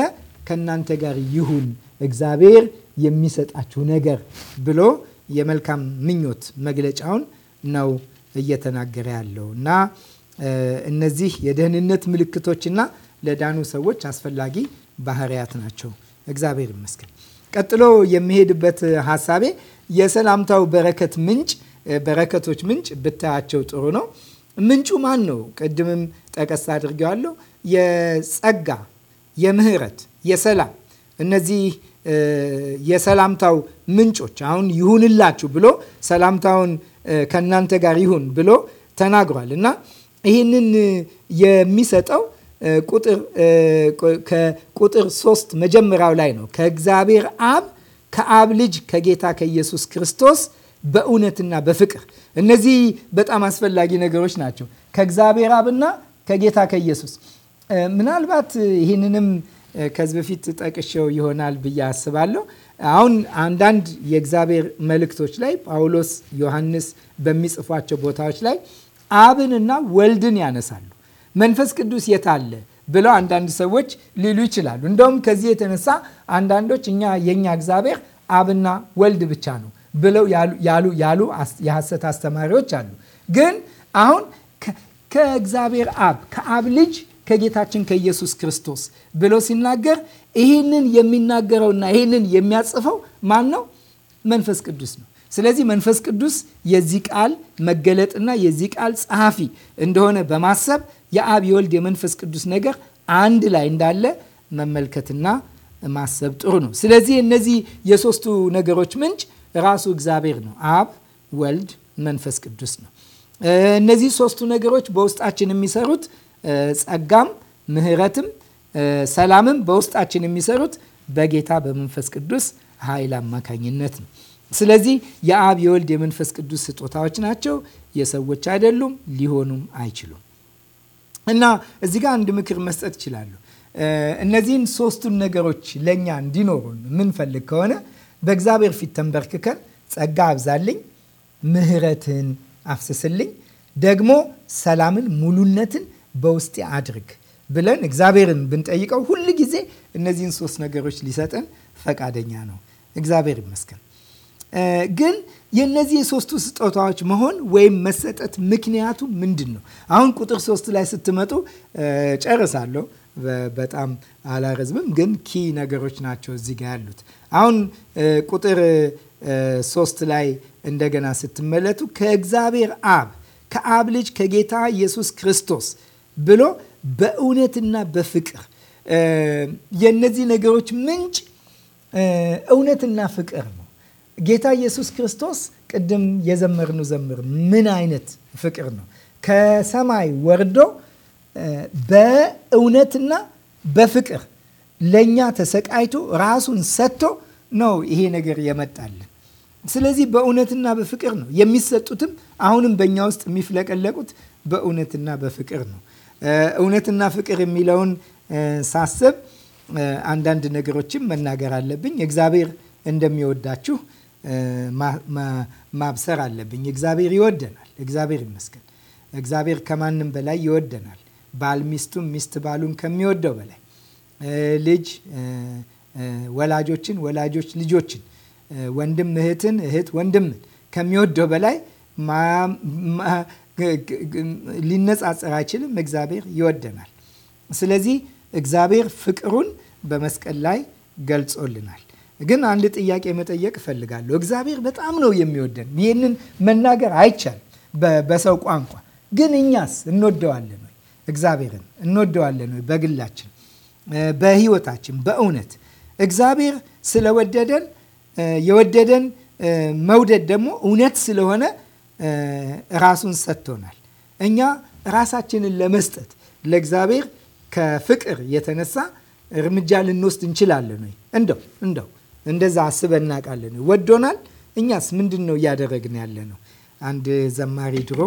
ከእናንተ ጋር ይሁን እግዚአብሔር የሚሰጣችሁ ነገር ብሎ የመልካም ምኞት መግለጫውን ነው እየተናገረ ያለው እና እነዚህ የደህንነት ምልክቶችና ለዳኑ ሰዎች አስፈላጊ ባህርያት ናቸው። እግዚአብሔር ይመስገን። ቀጥሎ የሚሄድበት ሀሳቤ የሰላምታው በረከት ምንጭ በረከቶች ምንጭ ብታያቸው ጥሩ ነው። ምንጩ ማን ነው? ቅድምም ጠቀስ አድርጌዋለሁ። የጸጋ፣ የምህረት፣ የሰላም እነዚህ የሰላምታው ምንጮች አሁን ይሁንላችሁ ብሎ ሰላምታውን ከእናንተ ጋር ይሁን ብሎ ተናግሯል እና ይህንን የሚሰጠው ቁጥር ሶስት መጀመሪያው ላይ ነው። ከእግዚአብሔር አብ ከአብ ልጅ ከጌታ ከኢየሱስ ክርስቶስ በእውነትና በፍቅር እነዚህ በጣም አስፈላጊ ነገሮች ናቸው። ከእግዚአብሔር አብና ከጌታ ከኢየሱስ ምናልባት ይህንንም ከዚህ በፊት ጠቅሼው ይሆናል ብዬ አስባለሁ። አሁን አንዳንድ የእግዚአብሔር መልእክቶች ላይ ጳውሎስ፣ ዮሐንስ በሚጽፏቸው ቦታዎች ላይ አብንና ወልድን ያነሳሉ። መንፈስ ቅዱስ የት አለ ብለው አንዳንድ ሰዎች ሊሉ ይችላሉ። እንደውም ከዚህ የተነሳ አንዳንዶች እኛ የእኛ እግዚአብሔር አብና ወልድ ብቻ ነው ብለው ያሉ ያሉ የሐሰት አስተማሪዎች አሉ። ግን አሁን ከእግዚአብሔር አብ ከአብ ልጅ ከጌታችን ከኢየሱስ ክርስቶስ ብሎ ሲናገር ይህንን የሚናገረውና ይህንን የሚያጽፈው ማን ነው? መንፈስ ቅዱስ ነው። ስለዚህ መንፈስ ቅዱስ የዚህ ቃል መገለጥና የዚህ ቃል ጸሐፊ እንደሆነ በማሰብ የአብ የወልድ የመንፈስ ቅዱስ ነገር አንድ ላይ እንዳለ መመልከትና ማሰብ ጥሩ ነው። ስለዚህ እነዚህ የሶስቱ ነገሮች ምንጭ ራሱ እግዚአብሔር ነው። አብ፣ ወልድ፣ መንፈስ ቅዱስ ነው። እነዚህ ሶስቱ ነገሮች በውስጣችን የሚሰሩት ጸጋም፣ ምሕረትም፣ ሰላምም በውስጣችን የሚሰሩት በጌታ በመንፈስ ቅዱስ ኃይል አማካኝነት ነው። ስለዚህ የአብ የወልድ የመንፈስ ቅዱስ ስጦታዎች ናቸው። የሰዎች አይደሉም፣ ሊሆኑም አይችሉም። እና እዚህ ጋር አንድ ምክር መስጠት ይችላሉ። እነዚህን ሶስቱን ነገሮች ለእኛ እንዲኖሩን የምንፈልግ ከሆነ በእግዚአብሔር ፊት ተንበርክከን ጸጋ አብዛልኝ፣ ምሕረትን አፍስስልኝ፣ ደግሞ ሰላምን፣ ሙሉነትን በውስጤ አድርግ ብለን እግዚአብሔርን ብንጠይቀው ሁል ጊዜ እነዚህን ሶስት ነገሮች ሊሰጠን ፈቃደኛ ነው። እግዚአብሔር ይመስገን። ግን የእነዚህ የሶስቱ ስጦታዎች መሆን ወይም መሰጠት ምክንያቱ ምንድን ነው? አሁን ቁጥር ሶስት ላይ ስትመጡ ጨርሳለሁ። በጣም አላረዝምም፣ ግን ኪ ነገሮች ናቸው እዚህ ጋር ያሉት። አሁን ቁጥር ሶስት ላይ እንደገና ስትመለቱ ከእግዚአብሔር አብ ከአብ ልጅ ከጌታ ኢየሱስ ክርስቶስ ብሎ በእውነትና በፍቅር የእነዚህ ነገሮች ምንጭ እውነትና ፍቅር ነው። ጌታ ኢየሱስ ክርስቶስ ቅድም የዘመርኑ ዘምር ምን አይነት ፍቅር ነው? ከሰማይ ወርዶ በእውነትና በፍቅር ለእኛ ተሰቃይቶ ራሱን ሰጥቶ ነው ይሄ ነገር የመጣልን። ስለዚህ በእውነትና በፍቅር ነው የሚሰጡትም አሁንም በእኛ ውስጥ የሚፍለቀለቁት በእውነትና በፍቅር ነው። እውነትና ፍቅር የሚለውን ሳስብ አንዳንድ ነገሮችን መናገር አለብኝ። እግዚአብሔር እንደሚወዳችሁ ማብሰር አለብኝ። እግዚአብሔር ይወደናል። እግዚአብሔር ይመስገን። እግዚአብሔር ከማንም በላይ ይወደናል። ባል ሚስቱም ሚስት ባሉን ከሚወደው በላይ ልጅ ወላጆችን፣ ወላጆች ልጆችን፣ ወንድም እህትን፣ እህት ወንድምን ከሚወደው በላይ ሊነጻጸር አይችልም። እግዚአብሔር ይወደናል። ስለዚህ እግዚአብሔር ፍቅሩን በመስቀል ላይ ገልጾልናል። ግን አንድ ጥያቄ መጠየቅ እፈልጋለሁ። እግዚአብሔር በጣም ነው የሚወደን። ይህንን መናገር አይቻልም በሰው ቋንቋ። ግን እኛስ እንወደዋለን ወይ? እግዚአብሔርን እንወደዋለን ወይ? በግላችን፣ በህይወታችን፣ በእውነት እግዚአብሔር ስለወደደን የወደደን መውደድ ደግሞ እውነት ስለሆነ ራሱን ሰጥቶናል። እኛ ራሳችንን ለመስጠት ለእግዚአብሔር ከፍቅር የተነሳ እርምጃ ልንወስድ እንችላለን ወይ? እንደው እንደው እንደዛ አስበን እናውቃለን? ወዶናል? እኛስ ምንድን ነው እያደረግን ያለ ነው? አንድ ዘማሪ ድሮ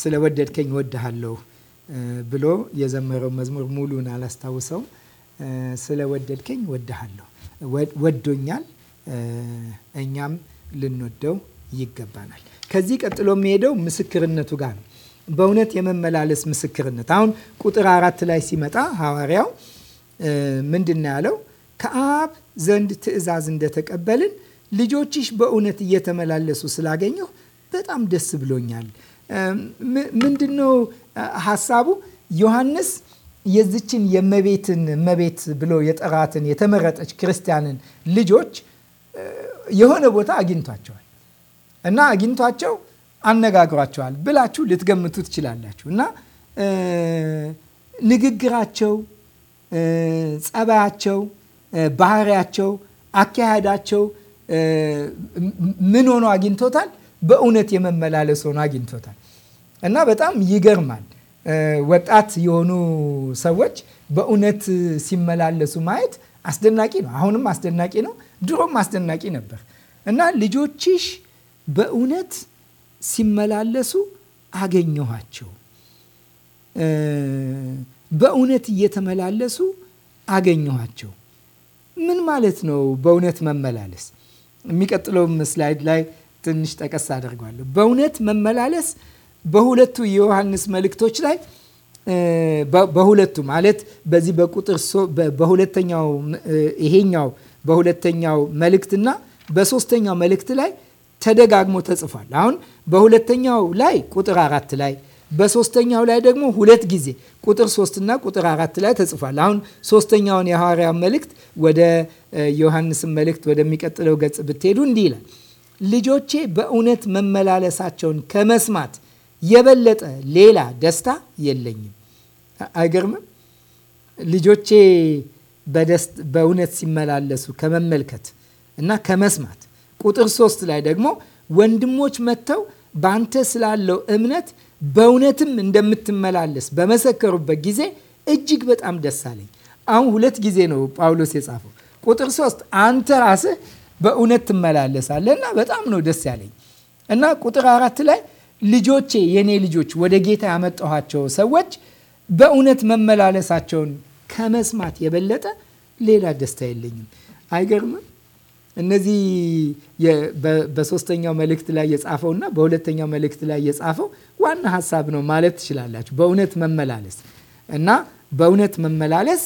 ስለ ወደድከኝ ወድሃለሁ ብሎ የዘመረው መዝሙር ሙሉን አላስታውሰው። ስለ ወደድከኝ ወድሃለሁ፣ ወዶኛል። እኛም ልንወደው ይገባናል። ከዚህ ቀጥሎ የሚሄደው ምስክርነቱ ጋር ነው። በእውነት የመመላለስ ምስክርነት። አሁን ቁጥር አራት ላይ ሲመጣ ሐዋርያው ምንድን ያለው? ከአብ ዘንድ ትእዛዝ እንደተቀበልን ልጆችሽ በእውነት እየተመላለሱ ስላገኘሁ በጣም ደስ ብሎኛል። ምንድን ነው ሀሳቡ? ዮሐንስ የዚችን የመቤትን መቤት ብሎ የጠራትን የተመረጠች ክርስቲያንን ልጆች የሆነ ቦታ አግኝቷቸዋል። እና አግኝቷቸው አነጋግሯቸዋል ብላችሁ ልትገምቱ ትችላላችሁ። እና ንግግራቸው፣ ጸባያቸው፣ ባህሪያቸው፣ አካሄዳቸው ምን ሆኖ አግኝቶታል? በእውነት የመመላለስ ሆኖ አግኝቶታል። እና በጣም ይገርማል። ወጣት የሆኑ ሰዎች በእውነት ሲመላለሱ ማየት አስደናቂ ነው። አሁንም አስደናቂ ነው። ድሮም አስደናቂ ነበር እና ልጆችሽ በእውነት ሲመላለሱ አገኘኋቸው። በእውነት እየተመላለሱ አገኘኋቸው። ምን ማለት ነው በእውነት መመላለስ? የሚቀጥለው ስላይድ ላይ ትንሽ ጠቀስ አድርጓለሁ። በእውነት መመላለስ በሁለቱ የዮሐንስ መልእክቶች ላይ በሁለቱ ማለት በዚህ በቁጥር በሁለተኛው ይሄኛው በሁለተኛው መልእክትና በሶስተኛው መልእክት ላይ ተደጋግሞ ተጽፏል። አሁን በሁለተኛው ላይ ቁጥር አራት ላይ በሶስተኛው ላይ ደግሞ ሁለት ጊዜ ቁጥር ሶስትና ቁጥር አራት ላይ ተጽፏል። አሁን ሶስተኛውን የሐዋርያ መልእክት ወደ ዮሐንስን መልእክት ወደሚቀጥለው ገጽ ብትሄዱ እንዲህ ይላል፣ ልጆቼ በእውነት መመላለሳቸውን ከመስማት የበለጠ ሌላ ደስታ የለኝም። አይገርምም? ልጆቼ በእውነት ሲመላለሱ ከመመልከት እና ከመስማት ቁጥር ሶስት ላይ ደግሞ ወንድሞች መጥተው በአንተ ስላለው እምነት በእውነትም እንደምትመላለስ በመሰከሩበት ጊዜ እጅግ በጣም ደስ አለኝ። አሁን ሁለት ጊዜ ነው ጳውሎስ የጻፈው። ቁጥር ሶስት አንተ ራስህ በእውነት ትመላለሳለ እና በጣም ነው ደስ ያለኝ እና ቁጥር አራት ላይ ልጆቼ የኔ ልጆች ወደ ጌታ ያመጣኋቸው ሰዎች በእውነት መመላለሳቸውን ከመስማት የበለጠ ሌላ ደስታ የለኝም። አይገርምም? እነዚህ በሶስተኛው መልእክት ላይ የጻፈው እና በሁለተኛው መልእክት ላይ የጻፈው ዋና ሀሳብ ነው ማለት ትችላላችሁ። በእውነት መመላለስ እና በእውነት መመላለስ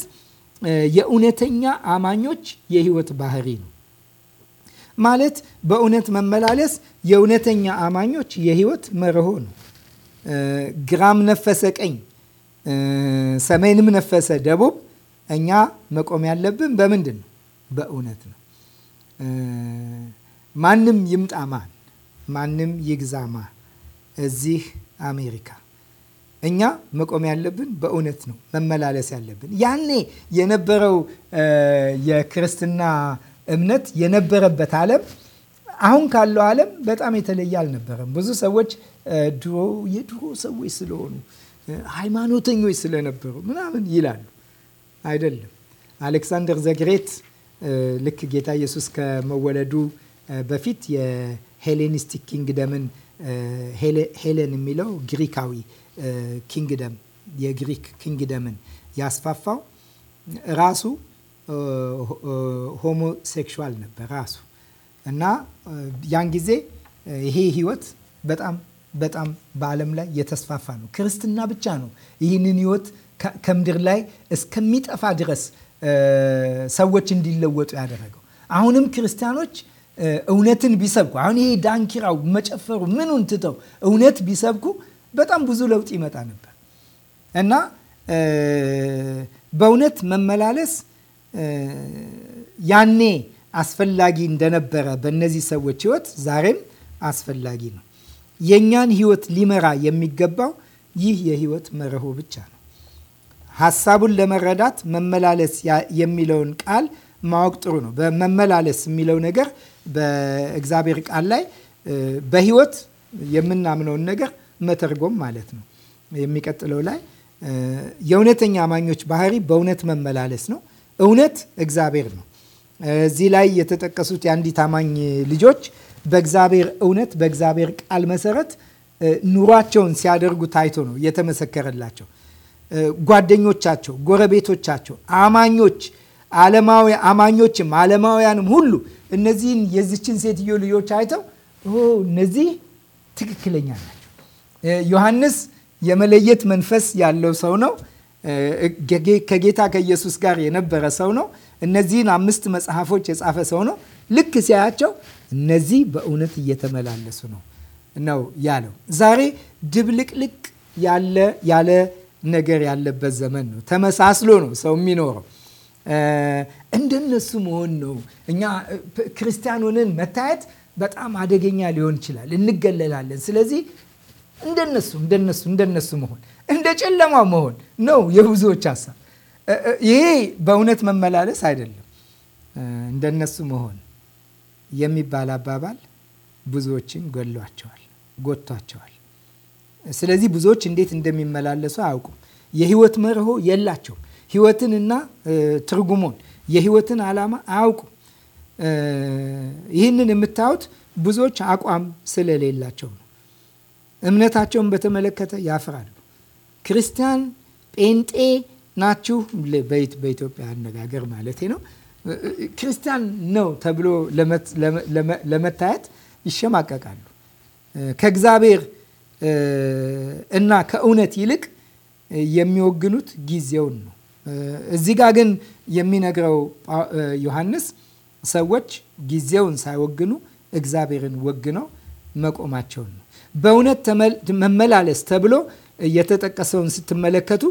የእውነተኛ አማኞች የህይወት ባህሪ ነው ማለት በእውነት መመላለስ የእውነተኛ አማኞች የህይወት መርሆ ነው። ግራም ነፈሰ ቀኝ፣ ሰሜንም ነፈሰ ደቡብ፣ እኛ መቆም ያለብን በምንድን ነው? በእውነት ነው። ማንም ይምጣ ማን ማንም ይግዛማ እዚህ አሜሪካ እኛ መቆም ያለብን በእውነት ነው መመላለስ ያለብን። ያኔ የነበረው የክርስትና እምነት የነበረበት ዓለም አሁን ካለው ዓለም በጣም የተለየ አልነበረም። ብዙ ሰዎች ድሮ የድሮ ሰዎች ስለሆኑ ሃይማኖተኞች ስለነበሩ ምናምን ይላሉ። አይደለም። አሌክሳንደር ዘግሬት ልክ ጌታ ኢየሱስ ከመወለዱ በፊት የሄሌኒስቲክ ኪንግደምን ሄሌን የሚለው ግሪካዊ ኪንግደም የግሪክ ኪንግደምን ያስፋፋው ራሱ ሆሞሴክሹዋል ነበር ራሱ እና ያን ጊዜ ይሄ ህይወት በጣም በጣም በዓለም ላይ የተስፋፋ ነው። ክርስትና ብቻ ነው ይህንን ህይወት ከምድር ላይ እስከሚጠፋ ድረስ ሰዎች እንዲለወጡ ያደረገው። አሁንም ክርስቲያኖች እውነትን ቢሰብኩ አሁን ይሄ ዳንኪራው መጨፈሩ ምኑን ትተው እውነት ቢሰብኩ በጣም ብዙ ለውጥ ይመጣ ነበር እና በእውነት መመላለስ ያኔ አስፈላጊ እንደነበረ በእነዚህ ሰዎች ህይወት ዛሬም አስፈላጊ ነው። የእኛን ህይወት ሊመራ የሚገባው ይህ የህይወት መርሆ ብቻ ነው። ሀሳቡን ለመረዳት መመላለስ የሚለውን ቃል ማወቅ ጥሩ ነው። በመመላለስ የሚለው ነገር በእግዚአብሔር ቃል ላይ በህይወት የምናምነውን ነገር መተርጎም ማለት ነው። የሚቀጥለው ላይ የእውነተኛ አማኞች ባህሪ በእውነት መመላለስ ነው። እውነት እግዚአብሔር ነው። እዚህ ላይ የተጠቀሱት የአንዲት አማኝ ልጆች በእግዚአብሔር እውነት በእግዚአብሔር ቃል መሰረት ኑሯቸውን ሲያደርጉ ታይቶ ነው የተመሰከረላቸው። ጓደኞቻቸው፣ ጎረቤቶቻቸው፣ አማኞች አለማዊ አማኞችም አለማውያንም ሁሉ እነዚህን የዚችን ሴትዮ ልጆች አይተው እነዚህ ትክክለኛ ናቸው። ዮሐንስ የመለየት መንፈስ ያለው ሰው ነው። ከጌታ ከኢየሱስ ጋር የነበረ ሰው ነው። እነዚህን አምስት መጽሐፎች የጻፈ ሰው ነው። ልክ ሲያያቸው እነዚህ በእውነት እየተመላለሱ ነው ነው ያለው። ዛሬ ድብልቅልቅ ያለ ያለ ነገር ያለበት ዘመን ነው። ተመሳስሎ ነው ሰው የሚኖረው። እንደነሱ መሆን ነው። እኛ ክርስቲያን ሆነን መታየት በጣም አደገኛ ሊሆን ይችላል። እንገለላለን። ስለዚህ እንደነሱ እንደነሱ እንደነሱ መሆን እንደ ጨለማ መሆን ነው የብዙዎች ሀሳብ። ይሄ በእውነት መመላለስ አይደለም። እንደነሱ መሆን የሚባል አባባል ብዙዎችን ገሏቸዋል፣ ጎቷቸዋል። ስለዚህ ብዙዎች እንዴት እንደሚመላለሱ አያውቁም። የህይወት መርሆ የላቸውም። ህይወትንና ትርጉሙን የህይወትን ዓላማ አያውቁም። ይህንን የምታዩት ብዙዎች አቋም ስለሌላቸው ነው። እምነታቸውን በተመለከተ ያፍራሉ። ክርስቲያን ጴንጤ ናችሁ በኢትዮጵያ አነጋገር ማለት ነው። ክርስቲያን ነው ተብሎ ለመታየት ይሸማቀቃሉ ከእግዚአብሔር እና ከእውነት ይልቅ የሚወግኑት ጊዜውን ነው። እዚህ ጋር ግን የሚነግረው ዮሐንስ ሰዎች ጊዜውን ሳይወግኑ እግዚአብሔርን ወግነው መቆማቸውን ነው። በእውነት መመላለስ ተብሎ የተጠቀሰውን ስትመለከቱ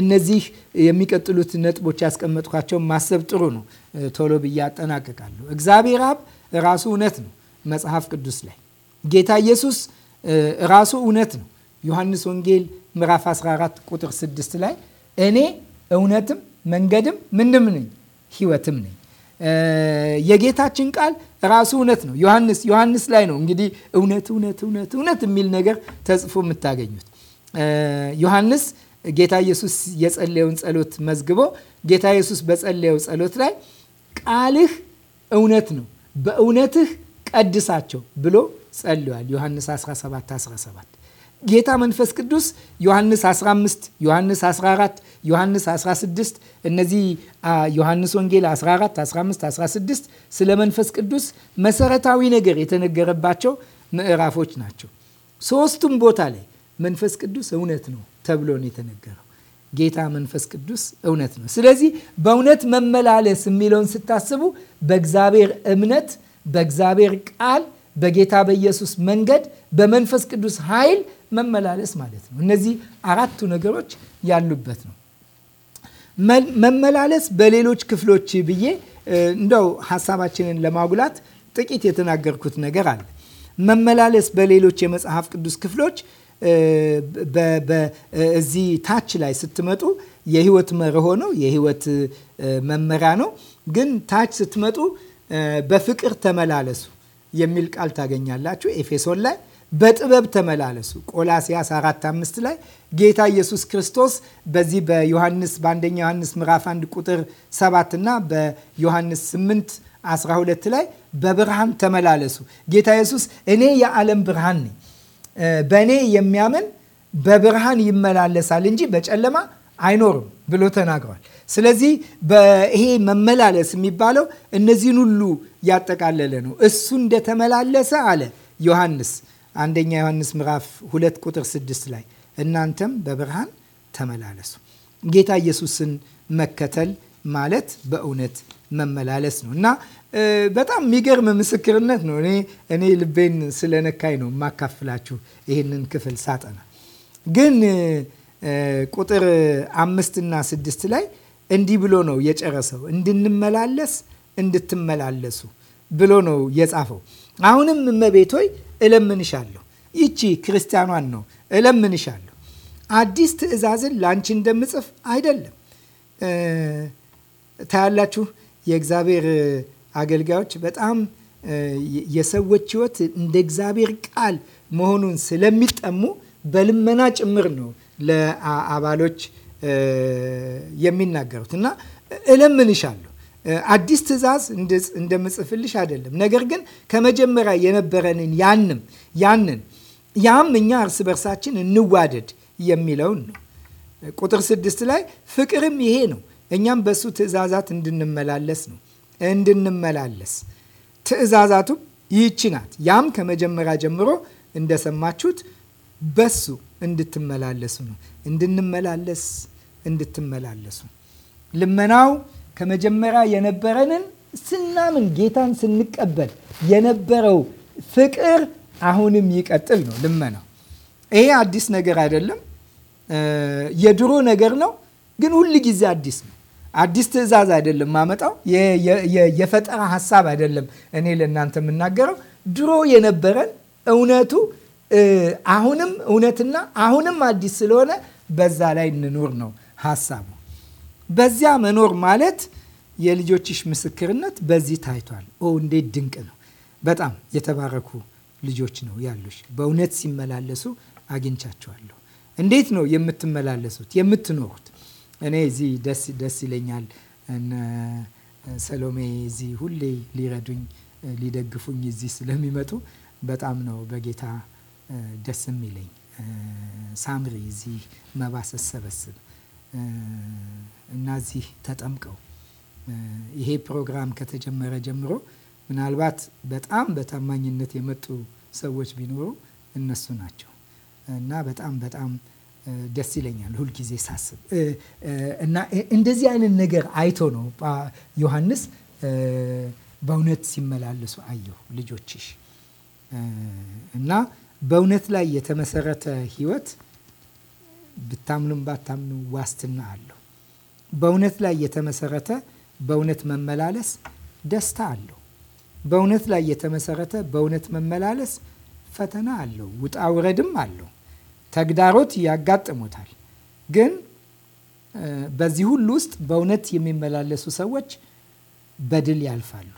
እነዚህ የሚቀጥሉት ነጥቦች ያስቀመጥኳቸውን ማሰብ ጥሩ ነው። ቶሎ ብዬ አጠናቅቃለሁ። እግዚአብሔር አብ ራሱ እውነት ነው። መጽሐፍ ቅዱስ ላይ ጌታ ኢየሱስ ራሱ እውነት ነው። ዮሐንስ ወንጌል ምዕራፍ 14 ቁጥር 6 ላይ እኔ እውነትም መንገድም ምንም ነኝ ህይወትም ነኝ። የጌታችን ቃል ራሱ እውነት ነው። ዮሐንስ ዮሐንስ ላይ ነው እንግዲህ እውነት እውነት እውነት እውነት የሚል ነገር ተጽፎ የምታገኙት ዮሐንስ ጌታ ኢየሱስ የጸለየውን ጸሎት መዝግቦ ጌታ ኢየሱስ በጸለየው ጸሎት ላይ ቃልህ እውነት ነው፣ በእውነትህ ቀድሳቸው ብሎ ጸልዋል። ዮሐንስ 17 17 ጌታ መንፈስ ቅዱስ ዮሐንስ 15 ዮሐንስ 14 ዮሐንስ 16 እነዚህ ዮሐንስ ወንጌል 14 15 16 ስለ መንፈስ ቅዱስ መሰረታዊ ነገር የተነገረባቸው ምዕራፎች ናቸው። ሶስቱም ቦታ ላይ መንፈስ ቅዱስ እውነት ነው ተብሎ ነው የተነገረው። ጌታ መንፈስ ቅዱስ እውነት ነው። ስለዚህ በእውነት መመላለስ የሚለውን ስታስቡ በእግዚአብሔር እምነት፣ በእግዚአብሔር ቃል በጌታ በኢየሱስ መንገድ በመንፈስ ቅዱስ ኃይል መመላለስ ማለት ነው። እነዚህ አራቱ ነገሮች ያሉበት ነው። መመላለስ በሌሎች ክፍሎች ብዬ እንደው ሀሳባችንን ለማጉላት ጥቂት የተናገርኩት ነገር አለ። መመላለስ በሌሎች የመጽሐፍ ቅዱስ ክፍሎች እዚህ ታች ላይ ስትመጡ የህይወት መርሆ ነው፣ የህይወት መመሪያ ነው። ግን ታች ስትመጡ በፍቅር ተመላለሱ የሚል ቃል ታገኛላችሁ። ኤፌሶን ላይ በጥበብ ተመላለሱ። ቆላሲያስ 45 ላይ ጌታ ኢየሱስ ክርስቶስ በዚህ በዮሐንስ በአንደኛ ዮሐንስ ምዕራፍ 1 ቁጥር 7 እና በዮሐንስ 8 12 ላይ በብርሃን ተመላለሱ። ጌታ ኢየሱስ እኔ የዓለም ብርሃን ነኝ፣ በእኔ የሚያምን በብርሃን ይመላለሳል እንጂ በጨለማ አይኖርም ብሎ ተናግሯል። ስለዚህ ይሄ መመላለስ የሚባለው እነዚህን ሁሉ ያጠቃለለ ነው። እሱ እንደተመላለሰ አለ ዮሐንስ አንደኛ ዮሐንስ ምዕራፍ ሁለት ቁጥር ስድስት ላይ እናንተም በብርሃን ተመላለሱ። ጌታ ኢየሱስን መከተል ማለት በእውነት መመላለስ ነው እና በጣም የሚገርም ምስክርነት ነው። እኔ እኔ ልቤን ስለነካኝ ነው የማካፍላችሁ ይህንን ክፍል ሳጠና ግን ቁጥር አምስትና ስድስት ላይ እንዲህ ብሎ ነው የጨረሰው። እንድንመላለስ እንድትመላለሱ ብሎ ነው የጻፈው። አሁንም እመቤት ሆይ እለምንሻለሁ። ይቺ ክርስቲያኗን ነው እለምንሻለሁ። አዲስ ትእዛዝን ለአንቺ እንደምጽፍ አይደለም። ታያላችሁ፣ የእግዚአብሔር አገልጋዮች በጣም የሰዎች ህይወት እንደ እግዚአብሔር ቃል መሆኑን ስለሚጠሙ በልመና ጭምር ነው ለአባሎች የሚናገሩት እና እለምንሻለሁ አዲስ ትእዛዝ እንደምጽፍልሽ አይደለም፣ ነገር ግን ከመጀመሪያ የነበረንን ያንም ያንን ያም እኛ እርስ በርሳችን እንዋደድ የሚለውን ነው። ቁጥር ስድስት ላይ ፍቅርም ይሄ ነው፣ እኛም በእሱ ትእዛዛት እንድንመላለስ ነው እንድንመላለስ ትእዛዛቱም ይህቺ ናት። ያም ከመጀመሪያ ጀምሮ እንደሰማችሁት በሱ እንድትመላለሱ ነው። እንድንመላለስ እንድትመላለሱ ልመናው ከመጀመሪያ የነበረንን ስናምን ጌታን ስንቀበል የነበረው ፍቅር አሁንም ይቀጥል ነው ልመናው። ይሄ አዲስ ነገር አይደለም፣ የድሮ ነገር ነው፣ ግን ሁል ጊዜ አዲስ ነው። አዲስ ትእዛዝ አይደለም ማመጣው፣ የፈጠራ ሀሳብ አይደለም እኔ ለእናንተ የምናገረው ድሮ የነበረን እውነቱ አሁንም እውነትና አሁንም አዲስ ስለሆነ በዛ ላይ እንኖር ነው ሀሳቡ። በዚያ መኖር ማለት የልጆችሽ ምስክርነት በዚህ ታይቷል። ኦ እንዴት ድንቅ ነው! በጣም የተባረኩ ልጆች ነው ያሉሽ። በእውነት ሲመላለሱ አግኝቻቸዋለሁ። እንዴት ነው የምትመላለሱት የምትኖሩት? እኔ እዚህ ደስ ደስ ይለኛል። ሰሎሜ እዚህ ሁሌ ሊረዱኝ ሊደግፉኝ እዚህ ስለሚመጡ በጣም ነው በጌታ ደስ የሚለኝ ሳምሪ እዚህ መባ ሰበስብ እና እዚህ ተጠምቀው ይሄ ፕሮግራም ከተጀመረ ጀምሮ ምናልባት በጣም በታማኝነት የመጡ ሰዎች ቢኖሩ እነሱ ናቸው እና በጣም በጣም ደስ ይለኛል ሁልጊዜ ሳስብ እና እንደዚህ አይነት ነገር አይቶ ነው ዮሐንስ በእውነት ሲመላለሱ አየሁ ልጆችሽ እና በእውነት ላይ የተመሰረተ ህይወት ብታምኑም ባታምኑ ዋስትና አለው። በእውነት ላይ የተመሰረተ በእውነት መመላለስ ደስታ አለው። በእውነት ላይ የተመሰረተ በእውነት መመላለስ ፈተና አለው፣ ውጣ ውረድም አለው፣ ተግዳሮት ያጋጥሙታል። ግን በዚህ ሁሉ ውስጥ በእውነት የሚመላለሱ ሰዎች በድል ያልፋሉ።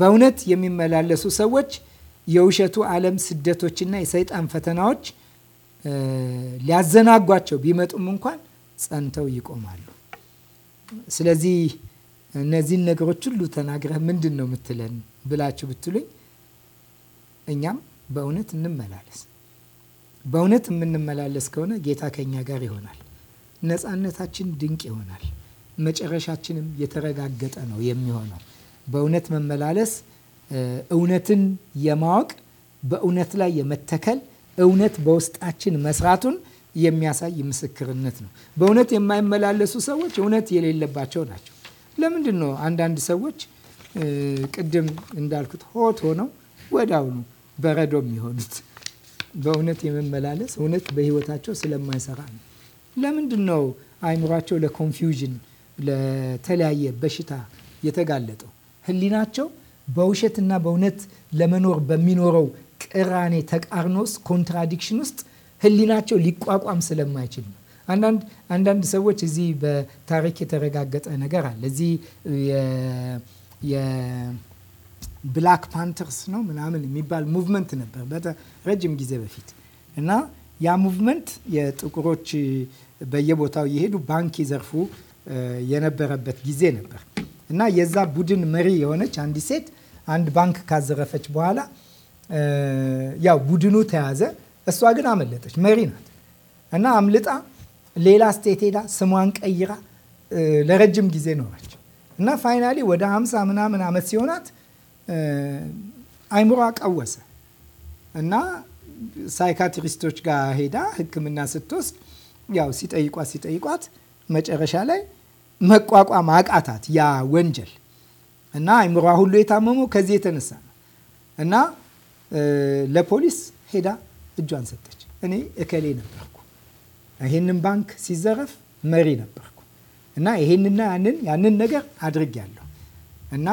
በእውነት የሚመላለሱ ሰዎች የውሸቱ ዓለም ስደቶችና የሰይጣን ፈተናዎች ሊያዘናጓቸው ቢመጡም እንኳን ጸንተው ይቆማሉ። ስለዚህ እነዚህን ነገሮች ሁሉ ተናግረህ ምንድን ነው የምትለን ብላችሁ ብትሉኝ እኛም በእውነት እንመላለስ። በእውነት የምንመላለስ ከሆነ ጌታ ከኛ ጋር ይሆናል። ነፃነታችን ድንቅ ይሆናል። መጨረሻችንም የተረጋገጠ ነው የሚሆነው በእውነት መመላለስ እውነትን የማወቅ በእውነት ላይ የመተከል እውነት በውስጣችን መስራቱን የሚያሳይ ምስክርነት ነው። በእውነት የማይመላለሱ ሰዎች እውነት የሌለባቸው ናቸው። ለምንድን ነው አንዳንድ ሰዎች ቅድም እንዳልኩት ሆት ሆነው ወዲያውኑ በረዶ የሚሆኑት? በእውነት የመመላለስ እውነት በህይወታቸው ስለማይሰራ ነው። ለምንድን ነው አይምሯቸው ለኮንፊውዥን ለተለያየ በሽታ የተጋለጠው? ህሊናቸው በውሸትና በእውነት ለመኖር በሚኖረው ቅራኔ፣ ተቃርኖስ ኮንትራዲክሽን ውስጥ ህሊናቸው ሊቋቋም ስለማይችል ነው። አንዳንድ ሰዎች እዚህ በታሪክ የተረጋገጠ ነገር አለ። እዚህ የብላክ ፓንተርስ ነው ምናምን የሚባል ሙቭመንት ነበር ረጅም ጊዜ በፊት እና ያ ሙቭመንት የጥቁሮች በየቦታው እየሄዱ ባንክ ይዘርፉ የነበረበት ጊዜ ነበር እና የዛ ቡድን መሪ የሆነች አንዲት ሴት አንድ ባንክ ካዘረፈች በኋላ ያው ቡድኑ ተያዘ። እሷ ግን አመለጠች። መሪ ናት እና አምልጣ ሌላ ስቴት ሄዳ ስሟን ቀይራ ለረጅም ጊዜ ኖረች እና ፋይናሊ ወደ ሃምሳ ምናምን ዓመት ሲሆናት አይምሯ ቀወሰ እና ሳይካትሪስቶች ጋር ሄዳ ሕክምና ስትወስድ ያው ሲጠይቋት ሲጠይቋት መጨረሻ ላይ መቋቋም አቃታት ያ ወንጀል እና አይምሯ ሁሉ የታመመው ከዚህ የተነሳ ነው። እና ለፖሊስ ሄዳ እጇን ሰጠች። እኔ እከሌ ነበርኩ፣ ይህንን ባንክ ሲዘረፍ መሪ ነበርኩ እና ይሄንና ያንን ያንን ነገር አድርጌያለሁ እና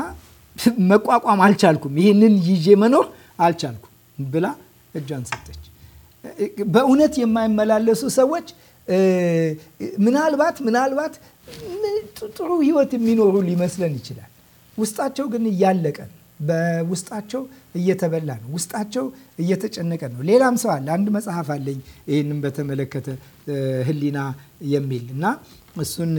መቋቋም አልቻልኩም፣ ይህንን ይዤ መኖር አልቻልኩም ብላ እጇን ሰጠች። በእውነት የማይመላለሱ ሰዎች ምናልባት ምናልባት ጥሩ ህይወት የሚኖሩ ሊመስለን ይችላል። ውስጣቸው ግን እያለቀ ነው። በውስጣቸው እየተበላ ነው። ውስጣቸው እየተጨነቀ ነው። ሌላም ሰው አለ። አንድ መጽሐፍ አለኝ ይህንም በተመለከተ ህሊና የሚል እና እሱን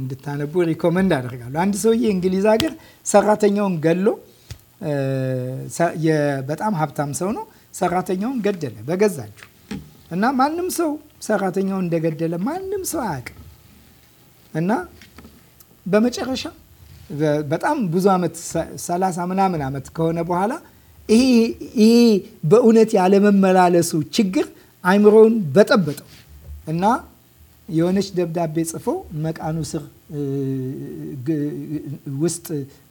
እንድታነቡ ሪኮመንድ አደርጋሉ አንድ ሰውዬ እንግሊዝ ሀገር ሰራተኛውን ገሎ በጣም ሀብታም ሰው ነው። ሰራተኛውን ገደለ በገዛችሁ እና ማንም ሰው ሰራተኛውን እንደገደለ ማንም ሰው አያውቅም። እና በመጨረሻ በጣም ብዙ ዓመት ሰላሳ ምናምን ዓመት ከሆነ በኋላ ይሄ በእውነት ያለመመላለሱ ችግር አይምሮውን በጠበጠው እና የሆነች ደብዳቤ ጽፎ መቃኑ ስር ውስጥ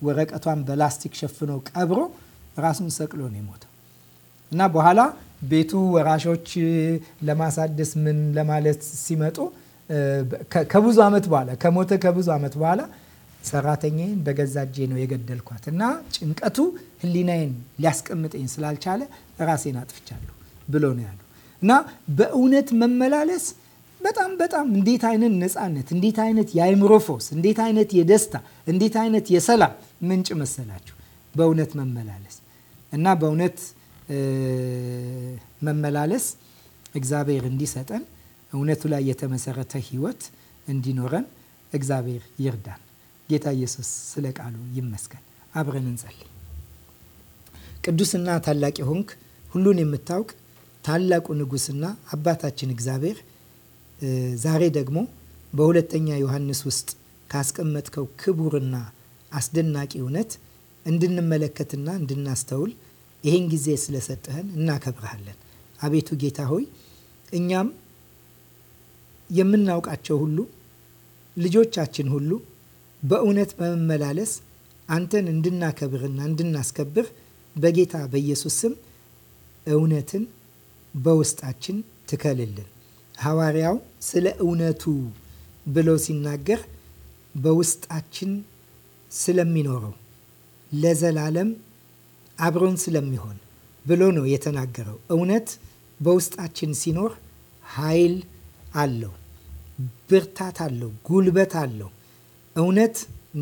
ወረቀቷን በላስቲክ ሸፍኖ ቀብሮ ራሱን ሰቅሎ ነው የሞተው እና በኋላ ቤቱ ወራሾች ለማሳደስ ምን ለማለት ሲመጡ ከብዙ ዓመት በኋላ ከሞተ ከብዙ ዓመት በኋላ ሰራተኛዬን በገዛ እጄ ነው የገደልኳት እና ጭንቀቱ ህሊናዬን ሊያስቀምጠኝ ስላልቻለ ራሴን አጥፍቻለሁ ብሎ ነው ያለው እና በእውነት መመላለስ በጣም በጣም እንዴት አይነት ነፃነት፣ እንዴት አይነት የአይምሮ ፎስ፣ እንዴት አይነት የደስታ፣ እንዴት አይነት የሰላም ምንጭ መሰላችሁ በእውነት መመላለስ እና በእውነት መመላለስ እግዚአብሔር እንዲሰጠን እውነቱ ላይ የተመሰረተ ህይወት እንዲኖረን እግዚአብሔር ይርዳን። ጌታ ኢየሱስ ስለ ቃሉ ይመስገን። አብረን እንጸልይ። ቅዱስና ታላቅ የሆንክ ሁሉን የምታውቅ ታላቁ ንጉስና አባታችን እግዚአብሔር ዛሬ ደግሞ በሁለተኛ ዮሐንስ ውስጥ ካስቀመጥከው ክቡርና አስደናቂ እውነት እንድንመለከትና እንድናስተውል ይህን ጊዜ ስለሰጠህን እናከብረሃለን። አቤቱ ጌታ ሆይ እኛም የምናውቃቸው ሁሉ ልጆቻችን ሁሉ በእውነት በመመላለስ አንተን እንድናከብርና እንድናስከብር በጌታ በኢየሱስ ስም እውነትን በውስጣችን ትከልልን። ሐዋርያው ስለ እውነቱ ብሎ ሲናገር በውስጣችን ስለሚኖረው ለዘላለም አብሮን ስለሚሆን ብሎ ነው የተናገረው። እውነት በውስጣችን ሲኖር ኃይል አለው። ብርታት አለው፣ ጉልበት አለው። እውነት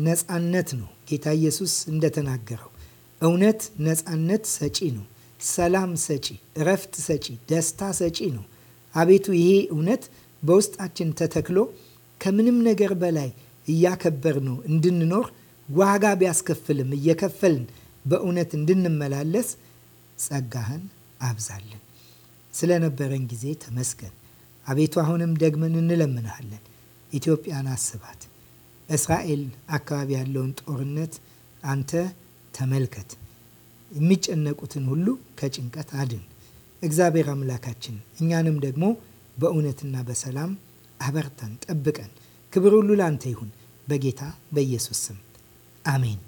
ነፃነት ነው። ጌታ ኢየሱስ እንደተናገረው እውነት ነፃነት ሰጪ ነው፣ ሰላም ሰጪ፣ እረፍት ሰጪ፣ ደስታ ሰጪ ነው። አቤቱ ይሄ እውነት በውስጣችን ተተክሎ ከምንም ነገር በላይ እያከበር ነው እንድንኖር ዋጋ ቢያስከፍልም እየከፈልን በእውነት እንድንመላለስ ጸጋህን አብዛልን። ስለነበረን ጊዜ ተመስገን። አቤቱ አሁንም ደግመን እንለምንሃለን። ኢትዮጵያን አስባት። እስራኤል አካባቢ ያለውን ጦርነት አንተ ተመልከት። የሚጨነቁትን ሁሉ ከጭንቀት አድን። እግዚአብሔር አምላካችን እኛንም ደግሞ በእውነትና በሰላም አበርተን ጠብቀን። ክብር ሁሉ ለአንተ ይሁን በጌታ በኢየሱስ ስም አሜን።